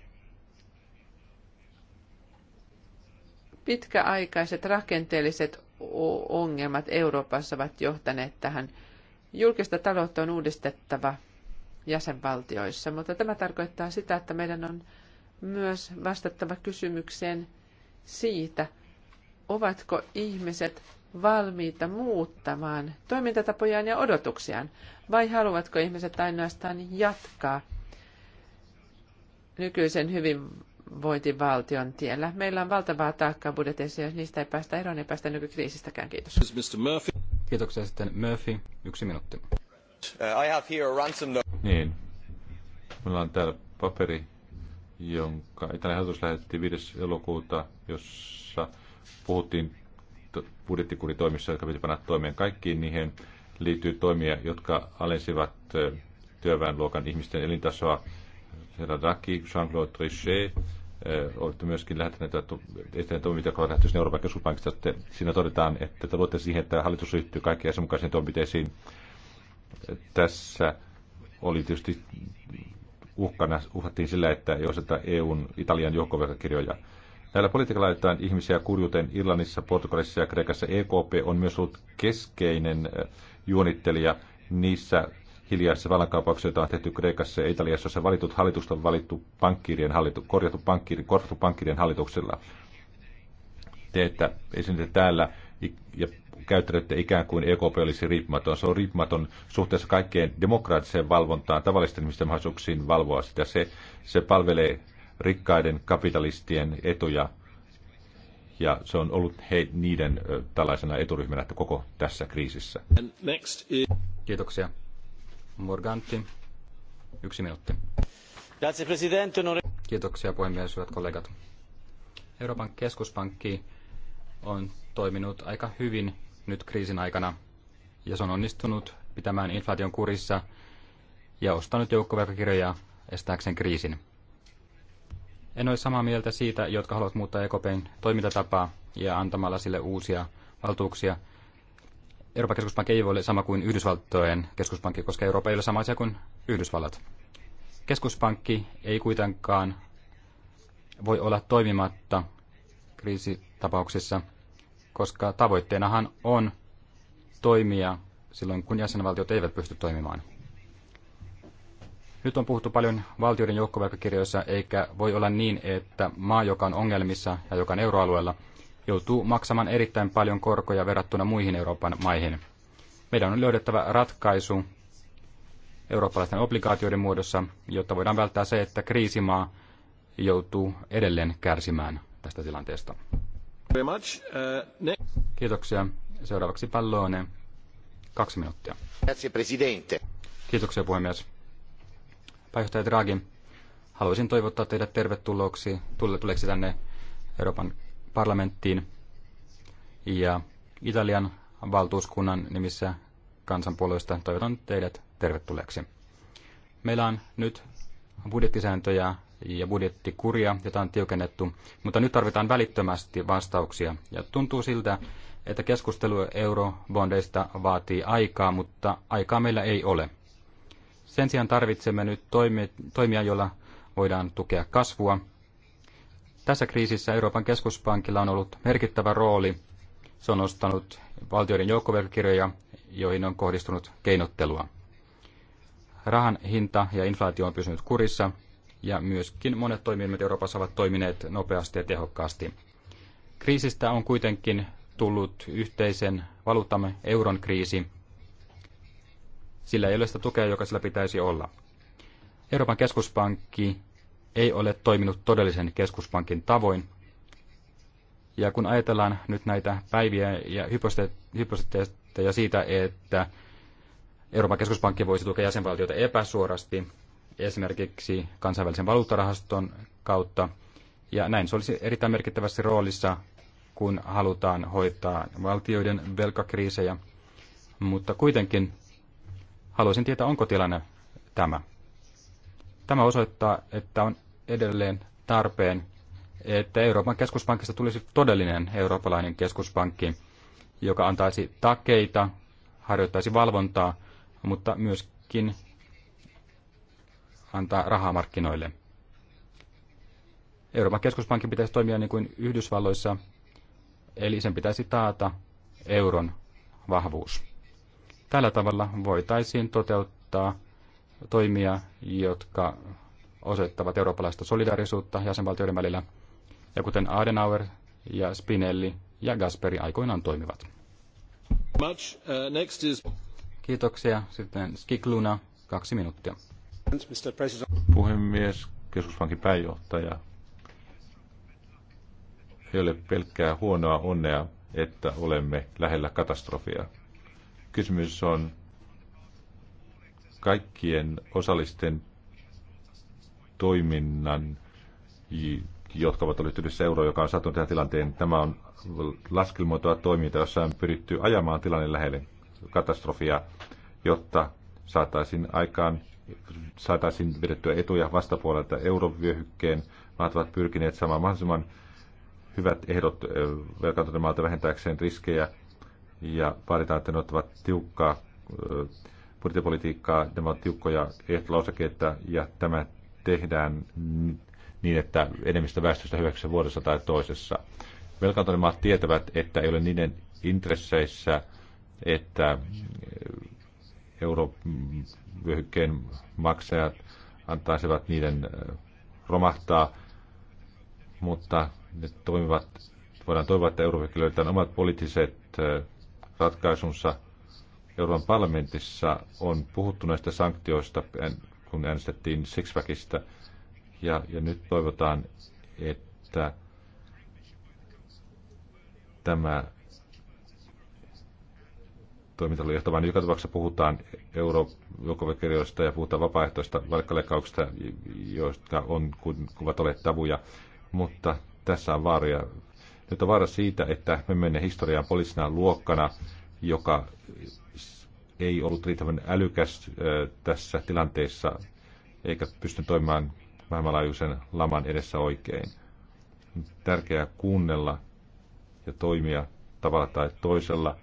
Pitkäaikaiset rakenteelliset ongelmat Euroopassa ovat johtaneet tähän. Julkista taloutta on uudistettava jäsenvaltioissa, mutta tämä tarkoittaa sitä, että meidän on myös vastattava kysymykseen siitä, ovatko ihmiset valmiita muuttamaan toimintatapojaan ja odotuksiaan, vai haluavatko ihmiset ainoastaan jatkaa nykyisen hyvinvointivaltion tiellä? Meillä on valtavaa taakkaa budjetissa, jos niistä ei päästä eroon, ei päästä nykykriisistäkään. Kiitos. Mr. Murphy. Kiitoksia sitten Murphy. Yksi minuutti. Uh, I have here a ransom note. Niin. Meillä on täällä paperi, jonka Italian hallitus lähetti 5. elokuuta, jossa puhuttiin budjettikuritoimissa, jotka piti panna toimeen kaikkiin, niihin liittyy toimia, jotka alensivat työväenluokan ihmisten elintasoa. Herra Draghi, Jean-Claude Trichet, olette myöskin lähettäneet eteen toimia, jotka ovat lähtöisiin Euroopan keskuspankista. Siinä todetaan, että te luotte siihen, että hallitus ryhtyy kaikkiin jäsenmukaisiin toimenpiteisiin. Tässä oli tietysti uhkana, uhattiin sillä, että jos että EUn Italian joukkovelkakirjoja Näillä politiikalla laitetaan ihmisiä kurjuuteen Irlannissa, Portugalissa ja Kreikassa. EKP on myös ollut keskeinen eh, juonittelija niissä hiljaisissa vallankaupauksissa, joita on tehty Kreikassa ja Italiassa, jossa valitut hallitukset on valittu pankkirien hallitu, korjattu pankkiirien, korjattu pankkirien hallituksella. Te, että esiinnytte täällä ja käyttäydytte ikään kuin EKP olisi riippumaton. Se on riippumaton suhteessa kaikkeen demokraattiseen valvontaan, tavallisten ihmisten mahdollisuuksiin valvoa sitä. Se, se palvelee rikkaiden kapitalistien etuja. Ja se on ollut he, niiden tällaisena eturyhmänä että koko tässä kriisissä. Next is... Kiitoksia. Morganti, yksi minuutti. Kiitoksia puhemies, hyvät kollegat. Euroopan keskuspankki on toiminut aika hyvin nyt kriisin aikana ja se on onnistunut pitämään inflaation kurissa ja ostanut joukkovelkakirjoja estääkseen kriisin. En ole samaa mieltä siitä, jotka haluavat muuttaa EKPn toimintatapaa ja antamalla sille uusia valtuuksia. Euroopan keskuspankki ei voi olla sama kuin Yhdysvaltojen keskuspankki, koska Eurooppa ei ole sama asia kuin Yhdysvallat. Keskuspankki ei kuitenkaan voi olla toimimatta kriisitapauksissa, koska tavoitteenahan on toimia silloin, kun jäsenvaltiot eivät pysty toimimaan. Nyt on puhuttu paljon valtioiden joukkovelkakirjoissa, eikä voi olla niin, että maa, joka on ongelmissa ja joka on euroalueella, joutuu maksamaan erittäin paljon korkoja verrattuna muihin Euroopan maihin. Meidän on löydettävä ratkaisu eurooppalaisten obligaatioiden muodossa, jotta voidaan välttää se, että kriisimaa joutuu edelleen kärsimään tästä tilanteesta. Kiitoksia. Seuraavaksi Pallone. Kaksi minuuttia. Kiitoksia puhemies pääjohtaja Draghi, haluaisin toivottaa teidät tervetulleeksi tulleeksi tänne Euroopan parlamenttiin ja Italian valtuuskunnan nimissä kansanpuolueista toivotan teidät tervetulleeksi. Meillä on nyt budjettisääntöjä ja budjettikuria, jota on tiukennettu, mutta nyt tarvitaan välittömästi vastauksia. Ja tuntuu siltä, että keskustelu eurobondeista vaatii aikaa, mutta aikaa meillä ei ole. Sen sijaan tarvitsemme nyt toimia, joilla voidaan tukea kasvua. Tässä kriisissä Euroopan keskuspankilla on ollut merkittävä rooli. Se on ostanut valtioiden joukkovelkakirjoja, joihin on kohdistunut keinottelua. Rahan hinta ja inflaatio on pysynyt kurissa, ja myöskin monet toimijat Euroopassa ovat toimineet nopeasti ja tehokkaasti. Kriisistä on kuitenkin tullut yhteisen valuuttamme euron kriisi, sillä ei ole sitä tukea, joka sillä pitäisi olla. Euroopan keskuspankki ei ole toiminut todellisen keskuspankin tavoin. Ja kun ajatellaan nyt näitä päiviä ja hypostetteja siitä, että Euroopan keskuspankki voisi tukea jäsenvaltioita epäsuorasti, esimerkiksi kansainvälisen valuuttarahaston kautta, ja näin se olisi erittäin merkittävässä roolissa, kun halutaan hoitaa valtioiden velkakriisejä. Mutta kuitenkin Haluaisin tietää, onko tilanne tämä. Tämä osoittaa, että on edelleen tarpeen, että Euroopan keskuspankista tulisi todellinen eurooppalainen keskuspankki, joka antaisi takeita, harjoittaisi valvontaa, mutta myöskin antaa rahaa markkinoille. Euroopan keskuspankin pitäisi toimia niin kuin Yhdysvalloissa, eli sen pitäisi taata euron vahvuus. Tällä tavalla voitaisiin toteuttaa toimia, jotka osoittavat eurooppalaista solidarisuutta jäsenvaltioiden välillä, ja kuten Adenauer ja Spinelli ja Gasperi aikoinaan toimivat. Uh, Kiitoksia. Sitten Skikluna, kaksi minuuttia. Puhemies, keskuspankin pääjohtaja. Ei ole pelkkää huonoa onnea, että olemme lähellä katastrofia. Kysymys on kaikkien osallisten toiminnan, jotka ovat olleet yhdessä euroa, joka on sattunut tähän tilanteen. Tämä on laskelmoitua toimintaa, jossa on pyritty ajamaan tilanne lähelle katastrofia, jotta saataisiin aikaan saataisiin vedettyä etuja vastapuolelta eurovyöhykkeen. Maat ovat pyrkineet saamaan mahdollisimman hyvät ehdot velkaantuneelta vähentääkseen riskejä ja vaaditaan, että ne ottavat tiukkaa budjettipolitiikkaa, nämä ovat tiukkoja ehtolausakeita ja tämä tehdään niin, että enemmistö väestöstä hyväksyy vuodessa tai toisessa. Velkaantuneet maat tietävät, että ei ole niiden intresseissä, että eurovyöhykkeen maksajat antaisivat niiden romahtaa, mutta ne toimivat, voidaan toivoa, että eurovyöhykkeen löytää omat poliittiset ratkaisunsa. Euroopan parlamentissa on puhuttu näistä sanktioista, kun äänestettiin Sixpackista, ja, ja nyt toivotaan, että tämä toiminta oli johtava. Joka tapauksessa puhutaan eurojoukkovekirjoista ja puhutaan vapaaehtoista valkkaleikkauksista, joista on, kuvat olleet tavuja, mutta tässä on vaaria nyt on vaara siitä, että me menemme historiaan poliisina luokkana, joka ei ollut riittävän älykäs tässä tilanteessa eikä pysty toimimaan maailmanlaajuisen laman edessä oikein. Tärkeää kuunnella ja toimia tavalla tai toisella.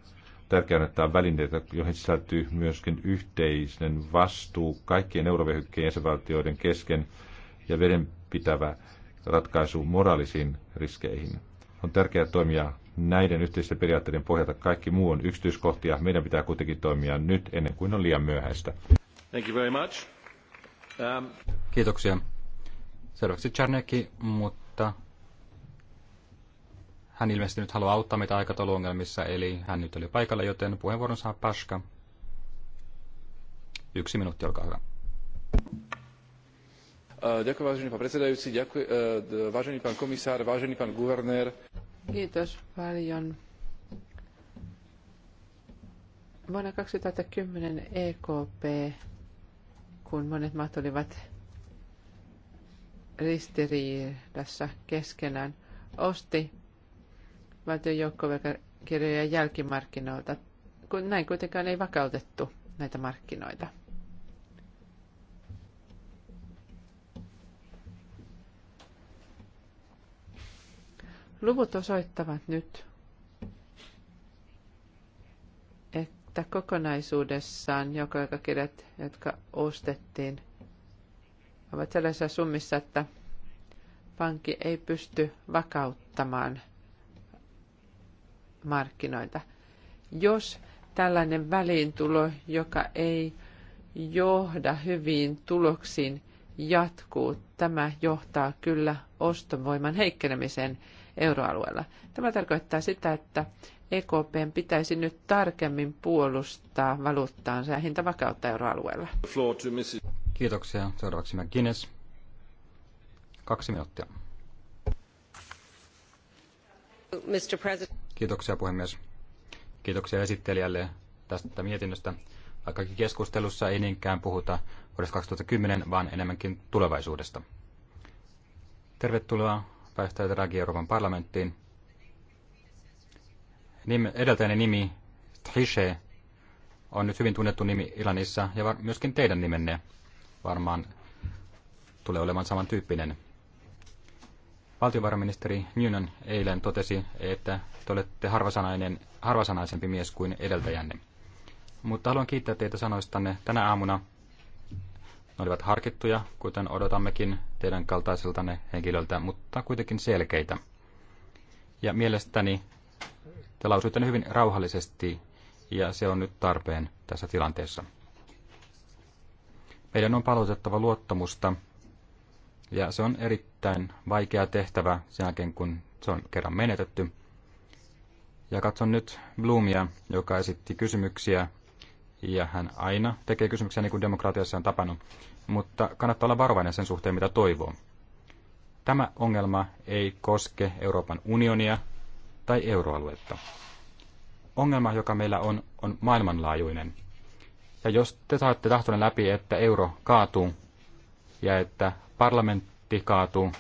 Tärkeää on, että on välineitä, joihin sisältyy myöskin yhteisen vastuu kaikkien eurovyöhykkeen jäsenvaltioiden kesken ja vedenpitävä ratkaisu moraalisiin riskeihin. On tärkeää toimia näiden yhteisten periaatteiden pohjalta. Kaikki muu on yksityiskohtia. Meidän pitää kuitenkin toimia nyt ennen kuin on liian myöhäistä. Thank you very much. Um... Kiitoksia. Seuraavaksi Czarnecki, mutta hän ilmeisesti nyt haluaa auttaa meitä aikatauluongelmissa, eli hän nyt oli paikalla, joten puheenvuoron saa Paska. Yksi minuutti, olkaa hyvä. Eh, vážený pán predsedajúci, eh, vážený pán komisár, vážený pán guvernér. Kiitos paljon. Vuonna 2010 EKP, kun monet maat olivat ristiriidassa keskenään, osti valtion joukkovelkakirjoja jälkimarkkinoilta. Näin kuitenkaan ei vakautettu näitä markkinoita. Luvut osoittavat nyt, että kokonaisuudessaan kirjat, jotka ostettiin, ovat sellaisessa summissa, että pankki ei pysty vakauttamaan markkinoita. Jos tällainen väliintulo, joka ei johda hyviin tuloksiin, jatkuu, tämä johtaa kyllä ostovoiman heikkenemiseen euroalueella. Tämä tarkoittaa sitä, että EKP pitäisi nyt tarkemmin puolustaa valuuttaansa ja hintavakautta euroalueella. Kiitoksia. Seuraavaksi McGuinness. Kaksi minuuttia. Kiitoksia puhemies. Kiitoksia esittelijälle tästä mietinnöstä. Vaikkakin keskustelussa ei niinkään puhuta vuodesta 2010, vaan enemmänkin tulevaisuudesta. Tervetuloa pääjohtaja Draghi Euroopan parlamenttiin. Nime, edeltäjäni nimi Trichet on nyt hyvin tunnettu nimi Iranissa ja var, myöskin teidän nimenne varmaan tulee olemaan samantyyppinen. Valtiovarainministeri Newnan eilen totesi, että te olette harvasanainen, harvasanaisempi mies kuin edeltäjänne. Mutta haluan kiittää teitä sanoistanne tänä aamuna ne olivat harkittuja, kuten odotammekin teidän kaltaisiltanne henkilöltä, mutta kuitenkin selkeitä. Ja mielestäni te lausuitte hyvin rauhallisesti, ja se on nyt tarpeen tässä tilanteessa. Meidän on palautettava luottamusta, ja se on erittäin vaikea tehtävä sen jälkeen, kun se on kerran menetetty. Ja katson nyt Bloomia, joka esitti kysymyksiä ja hän aina tekee kysymyksiä niin kuin demokratiassa on tapannut, mutta kannattaa olla varovainen sen suhteen, mitä toivoo. Tämä ongelma ei koske Euroopan unionia tai euroaluetta. Ongelma, joka meillä on, on maailmanlaajuinen. Ja jos te saatte tahtonne läpi, että euro kaatuu ja että parlamentti kaatuu,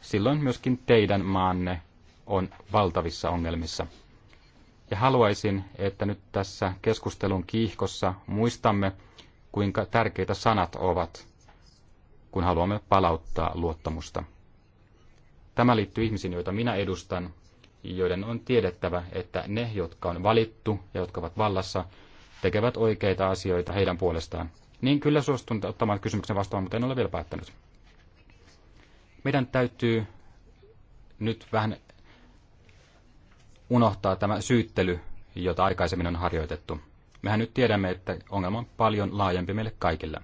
silloin myöskin teidän maanne on valtavissa ongelmissa – ja haluaisin, että nyt tässä keskustelun kiihkossa muistamme, kuinka tärkeitä sanat ovat, kun haluamme palauttaa luottamusta. Tämä liittyy ihmisiin, joita minä edustan, joiden on tiedettävä, että ne, jotka on valittu ja jotka ovat vallassa, tekevät oikeita asioita heidän puolestaan. Niin kyllä suostun ottamaan kysymyksen vastaan, mutta en ole vielä päättänyt. Meidän täytyy nyt vähän unohtaa tämä syyttely, jota aikaisemmin on harjoitettu. Mehän nyt tiedämme, että ongelma on paljon laajempi meille kaikille.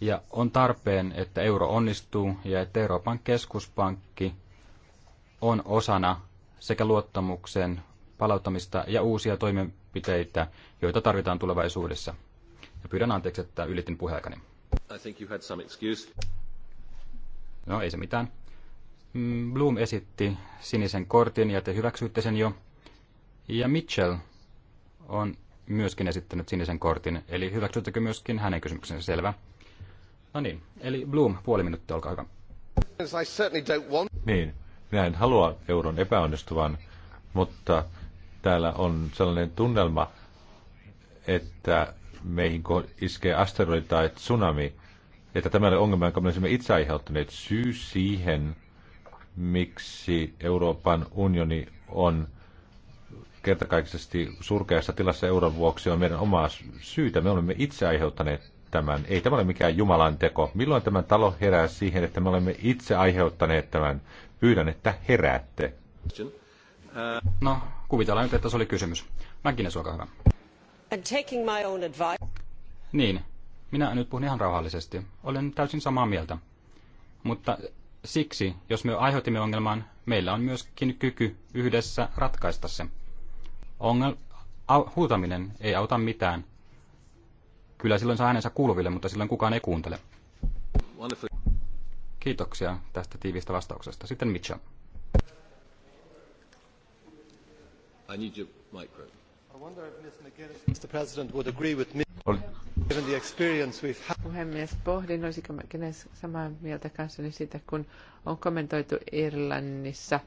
Ja on tarpeen, että euro onnistuu ja että Euroopan keskuspankki on osana sekä luottamuksen palauttamista ja uusia toimenpiteitä, joita tarvitaan tulevaisuudessa. Ja pyydän anteeksi, että ylitin puheaikani. No ei se mitään. Bloom esitti sinisen kortin ja te hyväksyitte sen jo. Ja Mitchell on myöskin esittänyt sinisen kortin, eli hyväksyttekö myöskin hänen kysymyksensä selvä? No niin, eli Bloom, puoli minuuttia, olkaa hyvä. Niin, minä en halua euron epäonnistuvan, mutta täällä on sellainen tunnelma, että meihin iskee asteroidi tai tsunami, että tämä on ongelma, jonka me olisimme itse aiheuttaneet. Syy siihen miksi Euroopan unioni on kertakaikaisesti surkeassa tilassa euron vuoksi, on meidän omaa syytä. Me olemme itse aiheuttaneet tämän. Ei tämä ole mikään Jumalan teko. Milloin tämä talo herää siihen, että me olemme itse aiheuttaneet tämän? Pyydän, että heräätte. No, kuvitellaan nyt, että se oli kysymys. Mäkinen, olkaa hyvä. Niin, minä nyt puhun ihan rauhallisesti. Olen täysin samaa mieltä. Mutta siksi, jos me aiheutimme ongelman, meillä on myöskin kyky yhdessä ratkaista se. Ongel- au- huutaminen ei auta mitään. Kyllä silloin saa äänensä kuuluville, mutta silloin kukaan ei kuuntele. Kiitoksia tästä tiivistä vastauksesta. Sitten Mitchell. I need your microphone. I wonder if Mr. President would agree with me. Oli... Puhemies, pohdin, olisiko kenen samaa mieltä kanssani siitä, kun on kommentoitu Irlannissa,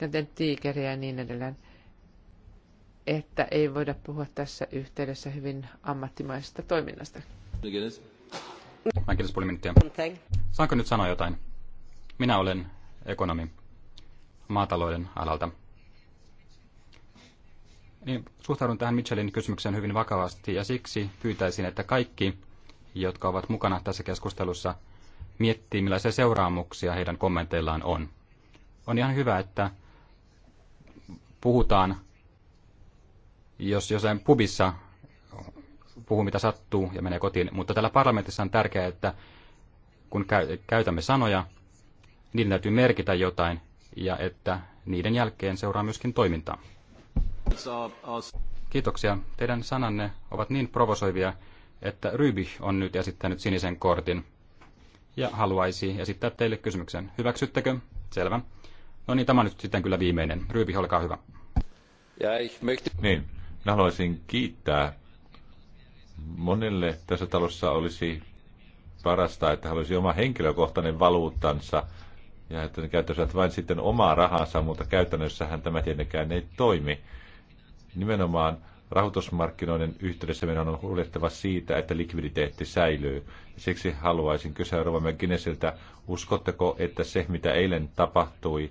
joten tiikeriä ja niin edelleen, että ei voida puhua tässä yhteydessä hyvin ammattimaisesta toiminnasta. Mäkin puoli minuuttia. Saanko nyt sanoa jotain? Minä olen ekonomi maatalouden alalta. Niin, suhtaudun tähän Michelin kysymykseen hyvin vakavasti ja siksi pyytäisin, että kaikki, jotka ovat mukana tässä keskustelussa, miettii, millaisia seuraamuksia heidän kommenteillaan on. On ihan hyvä, että puhutaan, jos jossain pubissa puhuu mitä sattuu ja menee kotiin, mutta täällä parlamentissa on tärkeää, että kun käytämme sanoja, niiden täytyy merkitä jotain ja että niiden jälkeen seuraa myöskin toimintaa. Kiitoksia. Teidän sananne ovat niin provosoivia, että Ryby on nyt esittänyt sinisen kortin ja haluaisi esittää teille kysymyksen. Hyväksyttekö? Selvä. No niin, tämä on nyt sitten kyllä viimeinen. Ryby, olkaa hyvä. Niin, minä haluaisin kiittää. Monille tässä talossa olisi parasta, että haluaisi oma henkilökohtainen valuuttansa ja että ne käyttäisivät vain sitten omaa rahansa, mutta käytännössähän tämä tietenkään ei toimi. Nimenomaan rahoitusmarkkinoiden yhteydessä meidän on huolehtava siitä, että likviditeetti säilyy. Siksi haluaisin kysyä Rova McGinnessiltä, uskotteko, että se mitä eilen tapahtui,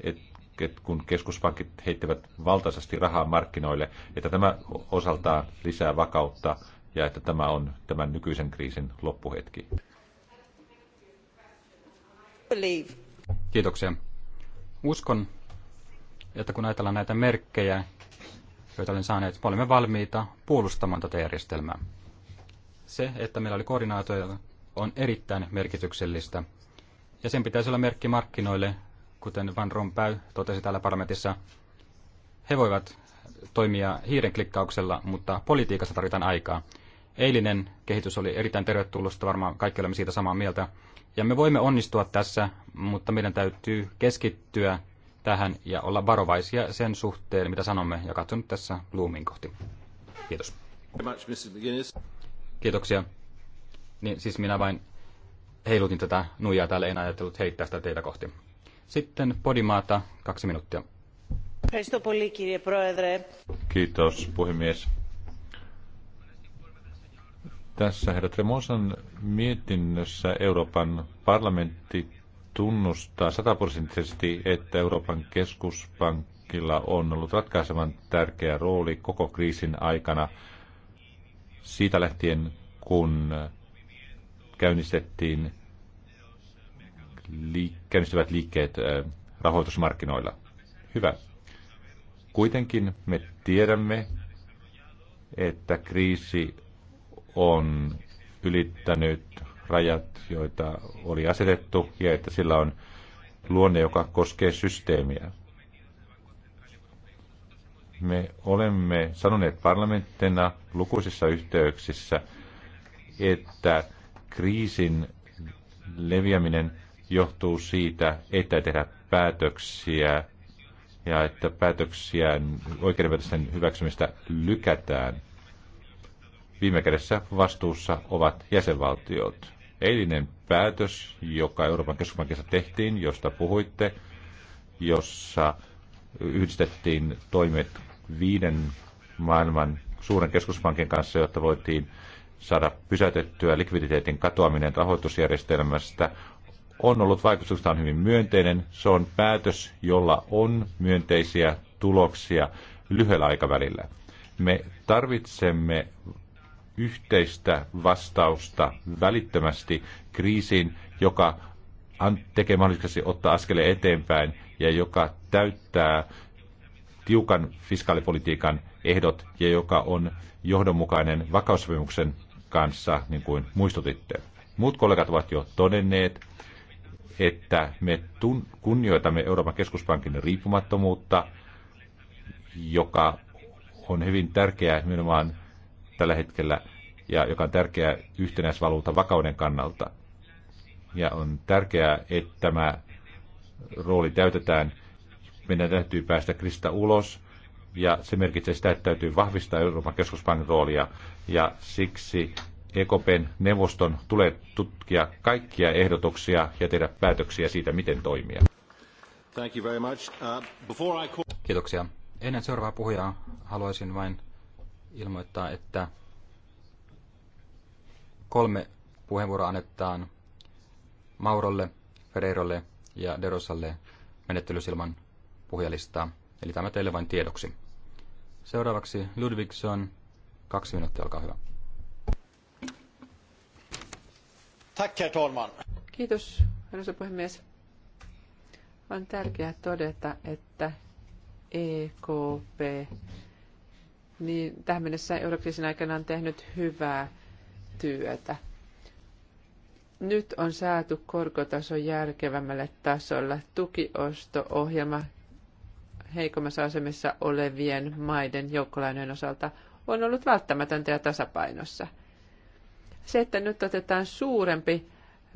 että et kun keskuspankit heittävät valtaisesti rahaa markkinoille, että tämä osaltaan lisää vakautta ja että tämä on tämän nykyisen kriisin loppuhetki. Kiitoksia. Uskon, että kun ajatellaan näitä merkkejä, joita olen saaneet, me olemme valmiita puolustamaan tätä järjestelmää. Se, että meillä oli koordinaatioita, on erittäin merkityksellistä. Ja sen pitäisi olla merkki markkinoille, kuten Van Rompuy totesi täällä parlamentissa. He voivat toimia hiiren klikkauksella, mutta politiikassa tarvitaan aikaa. Eilinen kehitys oli erittäin tervetullusta, varmaan kaikki olemme siitä samaa mieltä. Ja me voimme onnistua tässä, mutta meidän täytyy keskittyä tähän ja olla varovaisia sen suhteen, mitä sanomme, ja katson nyt tässä Bloomin kohti. Kiitos. Kiitoksia. Niin, siis minä vain heilutin tätä nuijaa täällä, en ajatellut heittää sitä teitä kohti. Sitten Podimaata, kaksi minuuttia. Kiitos, puhemies. Tässä herra Tremosan mietinnössä Euroopan parlamentti tunnustaa sataprosenttisesti, että Euroopan keskuspankilla on ollut ratkaisevan tärkeä rooli koko kriisin aikana siitä lähtien, kun käynnistettiin liik- käynnistyvät liikkeet rahoitusmarkkinoilla. Hyvä. Kuitenkin me tiedämme, että kriisi on ylittänyt rajat, joita oli asetettu, ja että sillä on luonne, joka koskee systeemiä. Me olemme sanoneet parlamenttina lukuisissa yhteyksissä, että kriisin leviäminen johtuu siitä, että tehdä päätöksiä ja että päätöksiä oikeudenvertaisten hyväksymistä lykätään. Viime kädessä vastuussa ovat jäsenvaltiot. Eilinen päätös, joka Euroopan keskuspankissa tehtiin, josta puhuitte, jossa yhdistettiin toimet viiden maailman suuren keskuspankin kanssa, jotta voitiin saada pysäytettyä likviditeetin katoaminen rahoitusjärjestelmästä, on ollut vaikutustaan hyvin myönteinen. Se on päätös, jolla on myönteisiä tuloksia lyhyellä aikavälillä. Me tarvitsemme yhteistä vastausta välittömästi kriisiin, joka tekee mahdollisesti ottaa askeleen eteenpäin ja joka täyttää tiukan fiskaalipolitiikan ehdot ja joka on johdonmukainen vakaussopimuksen kanssa, niin kuin muistutitte. Muut kollegat ovat jo todenneet, että me kunnioitamme Euroopan keskuspankin riippumattomuutta, joka on hyvin tärkeää nimenomaan tällä hetkellä ja joka on tärkeä yhtenäisvaluutan vakauden kannalta. Ja on tärkeää, että tämä rooli täytetään. Meidän täytyy päästä kristä ulos ja se merkitsee sitä, että täytyy vahvistaa Euroopan keskuspankin roolia ja siksi EKPn neuvoston tulee tutkia kaikkia ehdotuksia ja tehdä päätöksiä siitä, miten toimia. Thank you very much. Uh, I call... Kiitoksia. Ennen seuraavaa puhujaa haluaisin vain ilmoittaa, että kolme puheenvuoroa annetaan Maurolle, Ferreirolle ja Derosalle menettelysilman puhujalistaa. Eli tämä teille vain tiedoksi. Seuraavaksi Ludvigson, kaksi minuuttia, olkaa hyvä. Tack, herr talman. Kiitos, arvoisa puhemies. On tärkeää todeta, että EKP niin tähän mennessä eurokriisin aikana on tehnyt hyvää työtä. Nyt on saatu korkotaso järkevämmälle tasolle. Tukiosto-ohjelma heikommassa asemassa olevien maiden joukkolainojen osalta on ollut välttämätöntä ja tasapainossa. Se, että nyt otetaan suurempi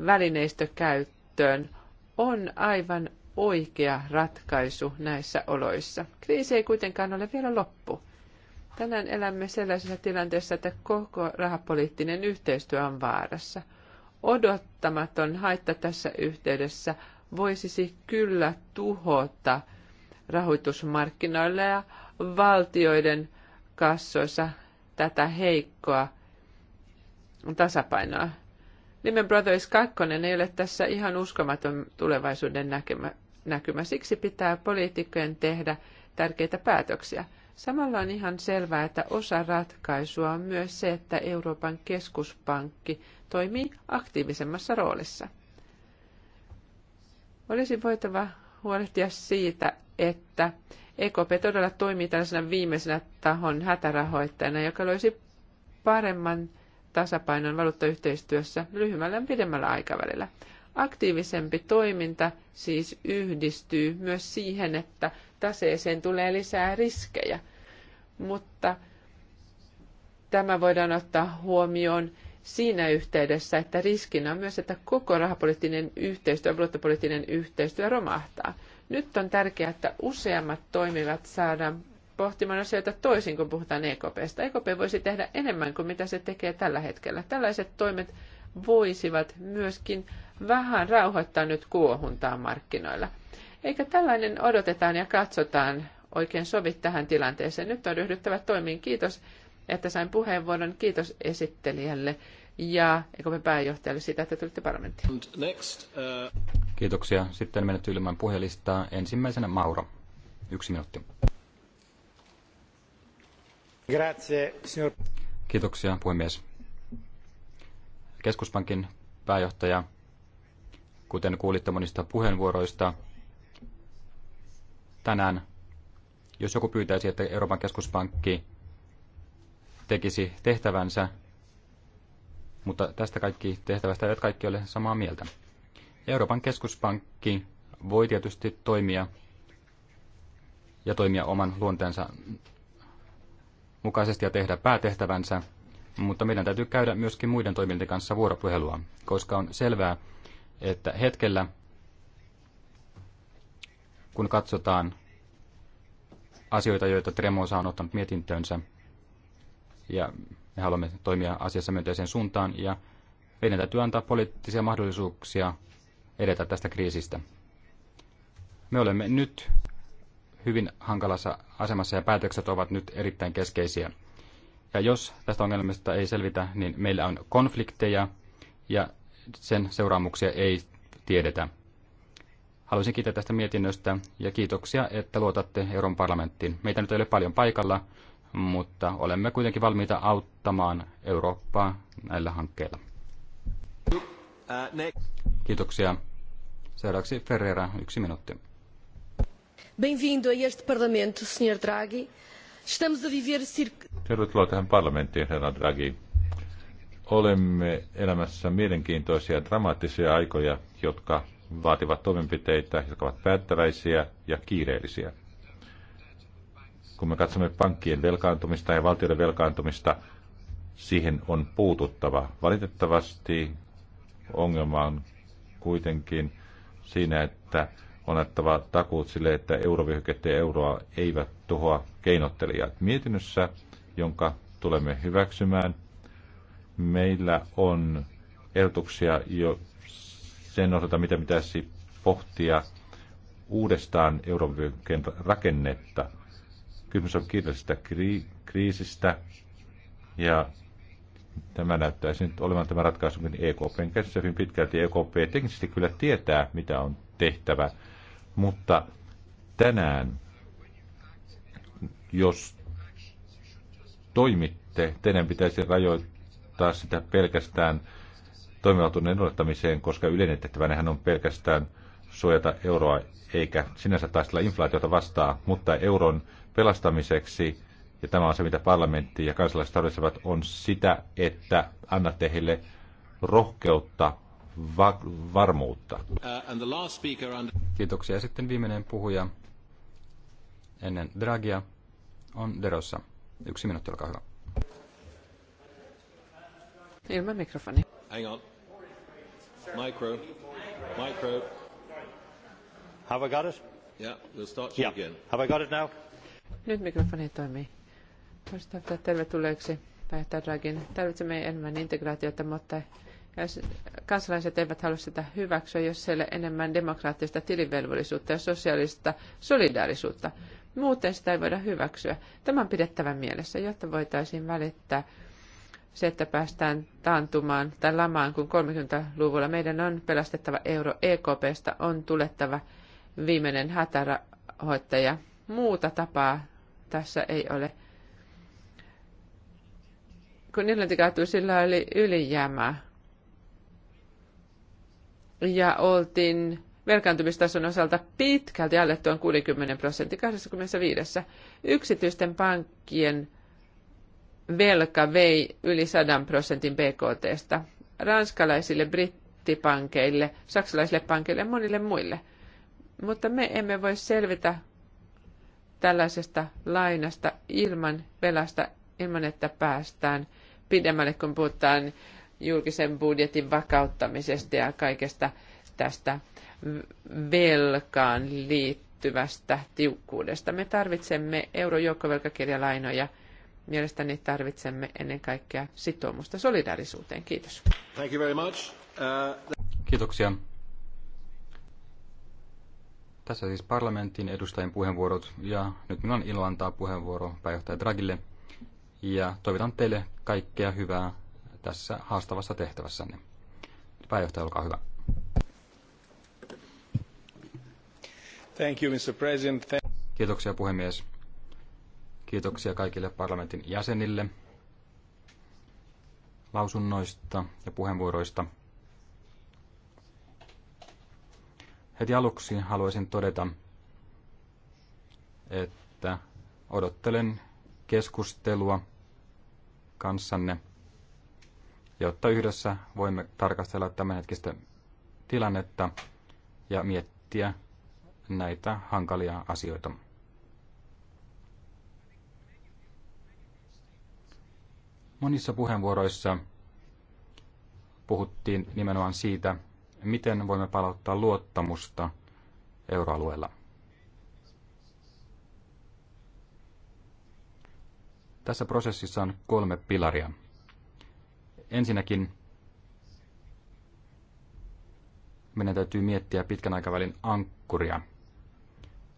välineistö käyttöön, on aivan oikea ratkaisu näissä oloissa. Kriisi ei kuitenkaan ole vielä loppu. Tänään elämme sellaisessa tilanteessa, että koko rahapoliittinen yhteistyö on vaarassa. Odottamaton haitta tässä yhteydessä voisisi kyllä tuhota rahoitusmarkkinoilla ja valtioiden kassoissa tätä heikkoa tasapainoa. Lehman Brothers 2 ei ole tässä ihan uskomaton tulevaisuuden näkymä. Siksi pitää poliitikkojen tehdä tärkeitä päätöksiä. Samalla on ihan selvää, että osa ratkaisua on myös se, että Euroopan keskuspankki toimii aktiivisemmassa roolissa. Olisi voitava huolehtia siitä, että EKP todella toimii tällaisena viimeisenä tahon hätärahoittajana, joka löysi paremman tasapainon valuuttayhteistyössä lyhyemmällä ja pidemmällä aikavälillä. Aktiivisempi toiminta siis yhdistyy myös siihen, että taseeseen tulee lisää riskejä, mutta tämä voidaan ottaa huomioon siinä yhteydessä, että riskinä on myös, että koko rahapoliittinen yhteistyö ja valuuttapoliittinen yhteistyö romahtaa. Nyt on tärkeää, että useammat toimivat saadaan pohtimaan asioita toisin, kun puhutaan EKPstä. EKP voisi tehdä enemmän kuin mitä se tekee tällä hetkellä. Tällaiset toimet voisivat myöskin vähän rauhoittaa nyt kuohuntaa markkinoilla. Eikä tällainen odotetaan ja katsotaan oikein sovi tähän tilanteeseen. Nyt on ryhdyttävä toimiin. Kiitos, että sain puheenvuoron. Kiitos esittelijälle ja EKP pääjohtajalle siitä, että tulitte parlamenttiin. Next, uh... Kiitoksia. Sitten menet ilman puhelistaa. Ensimmäisenä Mauro. Yksi minuutti. Grazie, signor... Kiitoksia, puhemies. Keskuspankin pääjohtaja, kuten kuulitte monista puheenvuoroista, tänään, jos joku pyytäisi, että Euroopan keskuspankki tekisi tehtävänsä, mutta tästä kaikki tehtävästä eivät kaikki ole samaa mieltä. Euroopan keskuspankki voi tietysti toimia ja toimia oman luonteensa mukaisesti ja tehdä päätehtävänsä, mutta meidän täytyy käydä myöskin muiden toimijoiden kanssa vuoropuhelua, koska on selvää, että hetkellä kun katsotaan asioita, joita Tremosa on ottanut mietintöönsä, ja me haluamme toimia asiassa myönteiseen suuntaan, ja meidän täytyy antaa poliittisia mahdollisuuksia edetä tästä kriisistä. Me olemme nyt hyvin hankalassa asemassa ja päätökset ovat nyt erittäin keskeisiä. Ja jos tästä ongelmasta ei selvitä, niin meillä on konflikteja ja sen seuraamuksia ei tiedetä. Haluaisin kiittää tästä mietinnöstä ja kiitoksia, että luotatte Euroopan parlamenttiin. Meitä nyt ei ole paljon paikalla, mutta olemme kuitenkin valmiita auttamaan Eurooppaa näillä hankkeilla. Kiitoksia. Seuraavaksi Ferreira, yksi minuutti. Bem-vindo a este parlamento, Sr. Draghi. Estamos a viver Tervetuloa tähän parlamenttiin, herra Draghi. Olemme elämässä mielenkiintoisia ja dramaattisia aikoja, jotka vaativat toimenpiteitä, jotka ovat päättäväisiä ja kiireellisiä. Kun me katsomme pankkien velkaantumista ja valtioiden velkaantumista, siihen on puututtava. Valitettavasti ongelma on kuitenkin siinä, että on annettava takuut sille, että eurovyöhykettä ja euroa eivät tuhoa keinottelijat. Mietinnössä, jonka tulemme hyväksymään, meillä on ehdotuksia, sen osalta, mitä pitäisi pohtia uudestaan Euroopan rakennetta. Kysymys on kiireellisestä kri- kriisistä ja tämä näyttäisi nyt olevan tämä ratkaisukin EKPn käsissä hyvin pitkälti. EKP teknisesti kyllä tietää, mitä on tehtävä, mutta tänään, jos toimitte, teidän pitäisi rajoittaa sitä pelkästään – toimivaltuuden noudattamiseen, koska yleinen tehtävänähän on pelkästään suojata euroa eikä sinänsä taistella inflaatiota vastaan, mutta euron pelastamiseksi, ja tämä on se mitä parlamentti ja kansalaiset tarvitsevat, on sitä, että annatte heille rohkeutta, va- varmuutta. Uh, Kiitoksia. Sitten viimeinen puhuja ennen Dragia on Derossa. Yksi minuutti, olkaa hyvä. Ilman mikrofoni. Hang on. Micro. Micro. Have I got it? Yeah, we'll start yeah. again. Have I got it now? Nyt mikrofoni toimii. Voisi toivottaa tervetulleeksi päättää Dragin. Tarvitsemme enemmän integraatiota, mutta kansalaiset eivät halua sitä hyväksyä, jos siellä enemmän demokraattista tilivelvollisuutta ja sosiaalista solidaarisuutta. Muuten sitä ei voida hyväksyä. Tämä on pidettävä mielessä, jotta voitaisiin välittää se, että päästään taantumaan tai lamaan kuin 30-luvulla. Meidän on pelastettava euro EKPstä, on tulettava viimeinen hätärahoittaja. Muuta tapaa tässä ei ole. Kun Irlanti kaatui, sillä oli ylijäämää. Ja oltiin velkaantumistason osalta pitkälti alle tuon 60 prosentin 25. Yksityisten pankkien velka vei yli 100 prosentin BKTstä ranskalaisille, brittipankeille, saksalaisille pankeille ja monille muille. Mutta me emme voi selvitä tällaisesta lainasta ilman velasta, ilman että päästään pidemmälle, kun puhutaan julkisen budjetin vakauttamisesta ja kaikesta tästä velkaan liittyvästä tiukkuudesta. Me tarvitsemme eurojoukkovelkakirjalainoja – Mielestäni tarvitsemme ennen kaikkea sitoumusta solidaarisuuteen. Kiitos. Thank you very much. Uh, Kiitoksia. Tässä siis parlamentin edustajien puheenvuorot ja nyt minulla on ilo antaa puheenvuoro pääjohtaja Dragille ja toivotan teille kaikkea hyvää tässä haastavassa tehtävässänne. Pääjohtaja, olkaa hyvä. Thank you, Mr. President. Kiitoksia puhemies. Kiitoksia kaikille parlamentin jäsenille lausunnoista ja puheenvuoroista. Heti aluksi haluaisin todeta, että odottelen keskustelua kanssanne, jotta yhdessä voimme tarkastella tämänhetkistä tilannetta ja miettiä näitä hankalia asioita. Monissa puheenvuoroissa puhuttiin nimenomaan siitä, miten voimme palauttaa luottamusta euroalueella. Tässä prosessissa on kolme pilaria. Ensinnäkin meidän täytyy miettiä pitkän aikavälin ankkuria.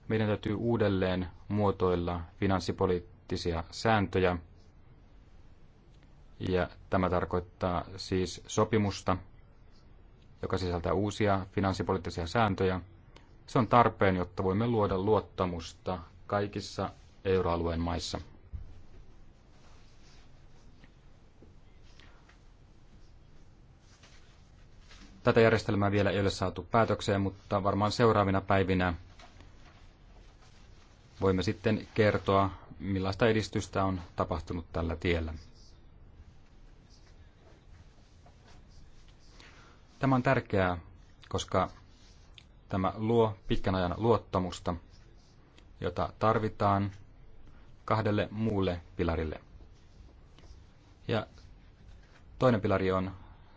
Meidän täytyy uudelleen muotoilla finanssipoliittisia sääntöjä – ja tämä tarkoittaa siis sopimusta, joka sisältää uusia finanssipoliittisia sääntöjä. Se on tarpeen, jotta voimme luoda luottamusta kaikissa euroalueen maissa. Tätä järjestelmää vielä ei ole saatu päätökseen, mutta varmaan seuraavina päivinä voimme sitten kertoa, millaista edistystä on tapahtunut tällä tiellä. Tämä on tärkeää, koska tämä luo pitkän ajan luottamusta, jota tarvitaan kahdelle muulle pilarille. Ja toinen pilari on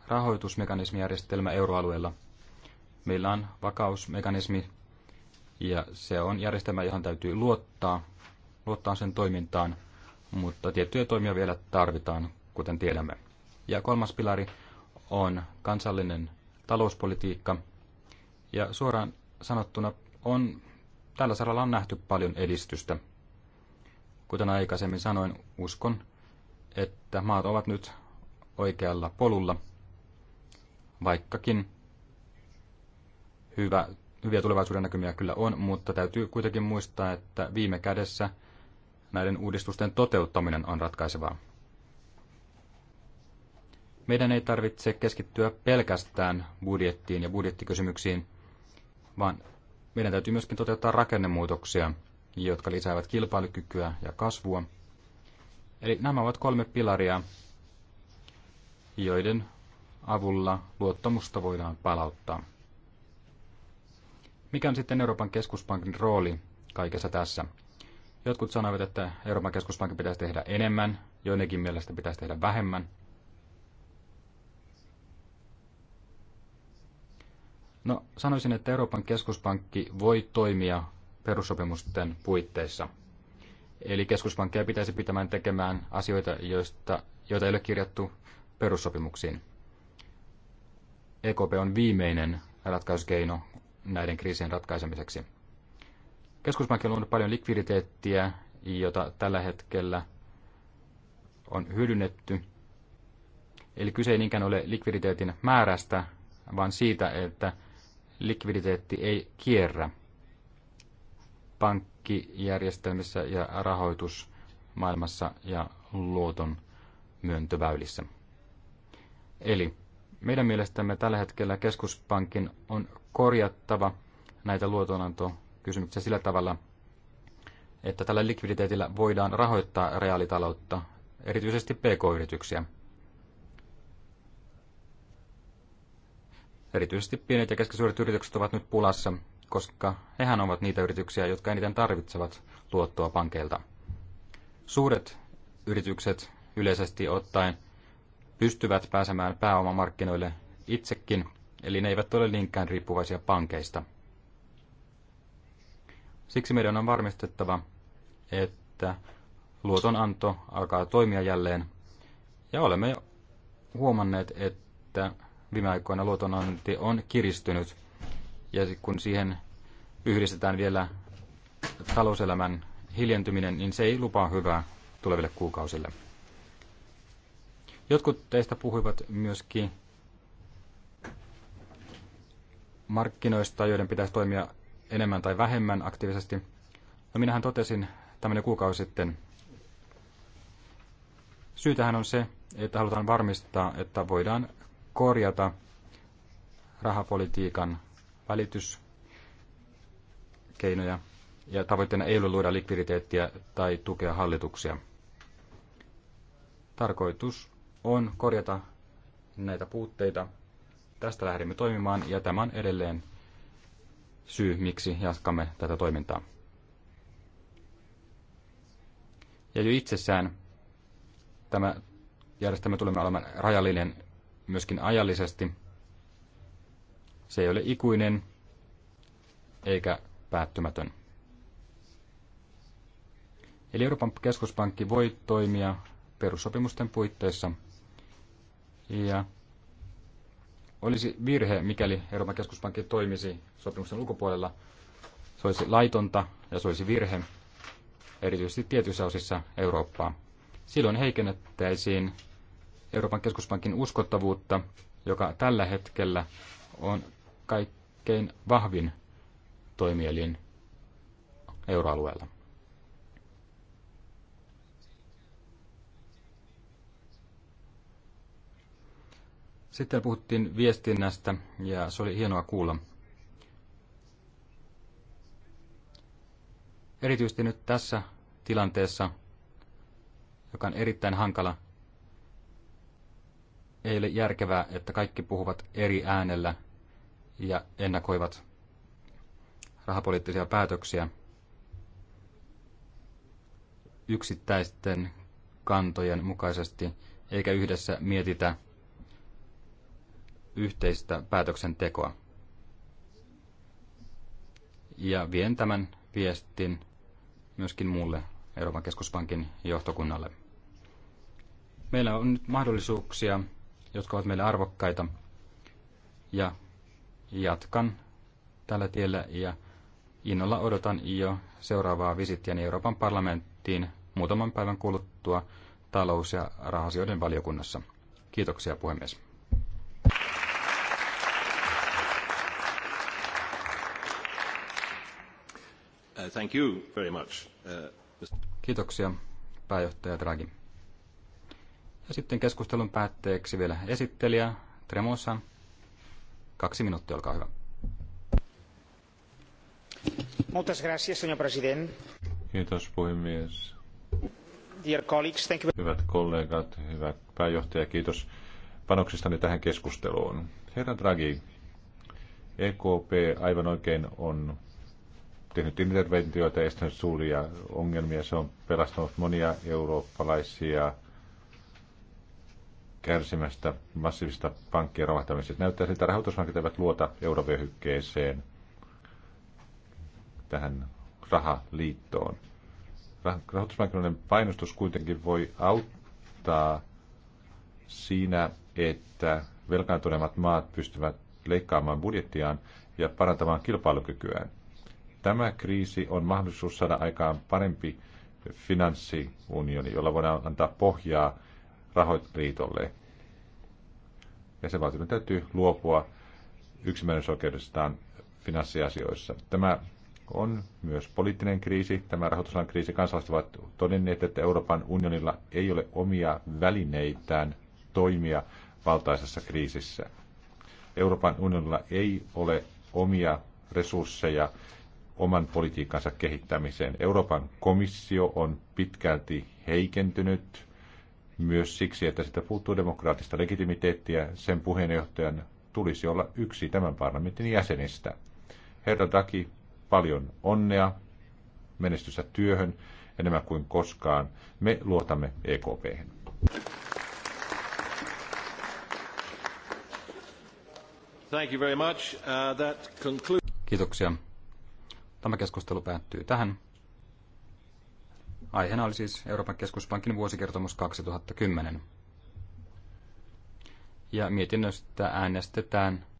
rahoitusmekanismijärjestelmä euroalueella. Meillä on vakausmekanismi ja se on järjestelmä, johon täytyy luottaa, luottaa sen toimintaan, mutta tiettyjä toimia vielä tarvitaan, kuten tiedämme. Ja kolmas pilari on kansallinen talouspolitiikka. Ja suoraan sanottuna on, tällä saralla on nähty paljon edistystä. Kuten aikaisemmin sanoin, uskon, että maat ovat nyt oikealla polulla, vaikkakin hyvä, hyviä tulevaisuuden näkymiä kyllä on, mutta täytyy kuitenkin muistaa, että viime kädessä näiden uudistusten toteuttaminen on ratkaisevaa. Meidän ei tarvitse keskittyä pelkästään budjettiin ja budjettikysymyksiin, vaan meidän täytyy myöskin toteuttaa rakennemuutoksia, jotka lisäävät kilpailukykyä ja kasvua. Eli nämä ovat kolme pilaria, joiden avulla luottamusta voidaan palauttaa. Mikä on sitten Euroopan keskuspankin rooli kaikessa tässä? Jotkut sanovat, että Euroopan keskuspankin pitäisi tehdä enemmän, joidenkin mielestä pitäisi tehdä vähemmän – No, sanoisin, että Euroopan keskuspankki voi toimia perussopimusten puitteissa. Eli keskuspankkeja pitäisi pitämään tekemään asioita, joista, joita ei ole kirjattu perussopimuksiin. EKP on viimeinen ratkaisukeino näiden kriisien ratkaisemiseksi. Keskuspankki on luonut paljon likviditeettiä, jota tällä hetkellä on hyödynnetty. Eli kyse ei niinkään ole likviditeetin määrästä, vaan siitä, että likviditeetti ei kierrä pankkijärjestelmissä ja rahoitusmaailmassa ja luoton myöntöväylissä. Eli meidän mielestämme tällä hetkellä keskuspankin on korjattava näitä luotonantokysymyksiä sillä tavalla, että tällä likviditeetillä voidaan rahoittaa reaalitaloutta, erityisesti pk-yrityksiä – Erityisesti pienet ja keskisuuret yritykset ovat nyt pulassa, koska hehän ovat niitä yrityksiä, jotka eniten tarvitsevat luottoa pankeilta. Suuret yritykset yleisesti ottaen pystyvät pääsemään pääomamarkkinoille itsekin, eli ne eivät ole niinkään riippuvaisia pankeista. Siksi meidän on varmistettava, että luotonanto alkaa toimia jälleen, ja olemme huomanneet, että viime aikoina luotonanti on kiristynyt. Ja kun siihen yhdistetään vielä talouselämän hiljentyminen, niin se ei lupaa hyvää tuleville kuukausille. Jotkut teistä puhuivat myöskin markkinoista, joiden pitäisi toimia enemmän tai vähemmän aktiivisesti. No minähän totesin tämmöinen kuukausi sitten. Syytähän on se, että halutaan varmistaa, että voidaan korjata rahapolitiikan välityskeinoja ja tavoitteena ei ole luoda likviditeettiä tai tukea hallituksia. Tarkoitus on korjata näitä puutteita. Tästä lähdemme toimimaan ja tämä on edelleen syy, miksi jatkamme tätä toimintaa. Ja jo itsessään tämä järjestelmä tulemme olemaan rajallinen myöskin ajallisesti. Se ei ole ikuinen eikä päättymätön. Eli Euroopan keskuspankki voi toimia perussopimusten puitteissa ja olisi virhe, mikäli Euroopan keskuspankki toimisi sopimusten ulkopuolella. Se olisi laitonta ja se olisi virhe, erityisesti tietyissä osissa Eurooppaa. Silloin heikennettäisiin Euroopan keskuspankin uskottavuutta, joka tällä hetkellä on kaikkein vahvin toimielin euroalueella. Sitten puhuttiin viestinnästä ja se oli hienoa kuulla. Erityisesti nyt tässä tilanteessa, joka on erittäin hankala, ei ole järkevää, että kaikki puhuvat eri äänellä ja ennakoivat rahapoliittisia päätöksiä yksittäisten kantojen mukaisesti, eikä yhdessä mietitä yhteistä päätöksentekoa. Ja vien tämän viestin myöskin muulle Euroopan keskuspankin johtokunnalle. Meillä on nyt mahdollisuuksia jotka ovat meille arvokkaita. Ja jatkan tällä tiellä ja innolla odotan jo seuraavaa visittiä Euroopan parlamenttiin muutaman päivän kuluttua talous- ja rahasioiden valiokunnassa. Kiitoksia puhemies. Uh, thank you very much. Uh, Kiitoksia pääjohtaja Draghi. Ja sitten keskustelun päätteeksi vielä esittelijä Tremossa, Kaksi minuuttia, olkaa hyvä. Muchas gracias, señor president. Kiitos, puhemies. Dear colleagues, thank you. Hyvät kollegat, hyvä pääjohtaja, kiitos panoksistani tähän keskusteluun. Herra Draghi, EKP aivan oikein on tehnyt interventioita ja estänyt suuria ongelmia. Se on pelastanut monia eurooppalaisia kärsimästä massiivista pankkien romahtamisesta. Näyttää siltä, että rahoitusmarkkinat eivät luota eurovyöhykkeeseen tähän rahaliittoon. Rahoitusmarkkinoiden painostus kuitenkin voi auttaa siinä, että velkaantuneemmat maat pystyvät leikkaamaan budjettiaan ja parantamaan kilpailukykyään. Tämä kriisi on mahdollisuus saada aikaan parempi finanssiunioni, jolla voidaan antaa pohjaa rahoitliitolle. Jäsenvaltioiden täytyy luopua yksimielisyysoikeudestaan finanssiasioissa. Tämä on myös poliittinen kriisi, tämä rahoitusalan kriisi. Kansalaiset ovat todenneet, että Euroopan unionilla ei ole omia välineitään toimia valtaisessa kriisissä. Euroopan unionilla ei ole omia resursseja oman politiikkansa kehittämiseen. Euroopan komissio on pitkälti heikentynyt myös siksi, että sitä puuttuu demokraattista legitimiteettiä. Sen puheenjohtajan tulisi olla yksi tämän parlamentin jäsenistä. Herra Daki, paljon onnea, menestystä työhön enemmän kuin koskaan. Me luotamme EKP: Thank you very much. Uh, that Kiitoksia. Tämä keskustelu päättyy tähän. Aiheena oli siis Euroopan keskuspankin vuosikertomus 2010. Ja mietinnöstä äänestetään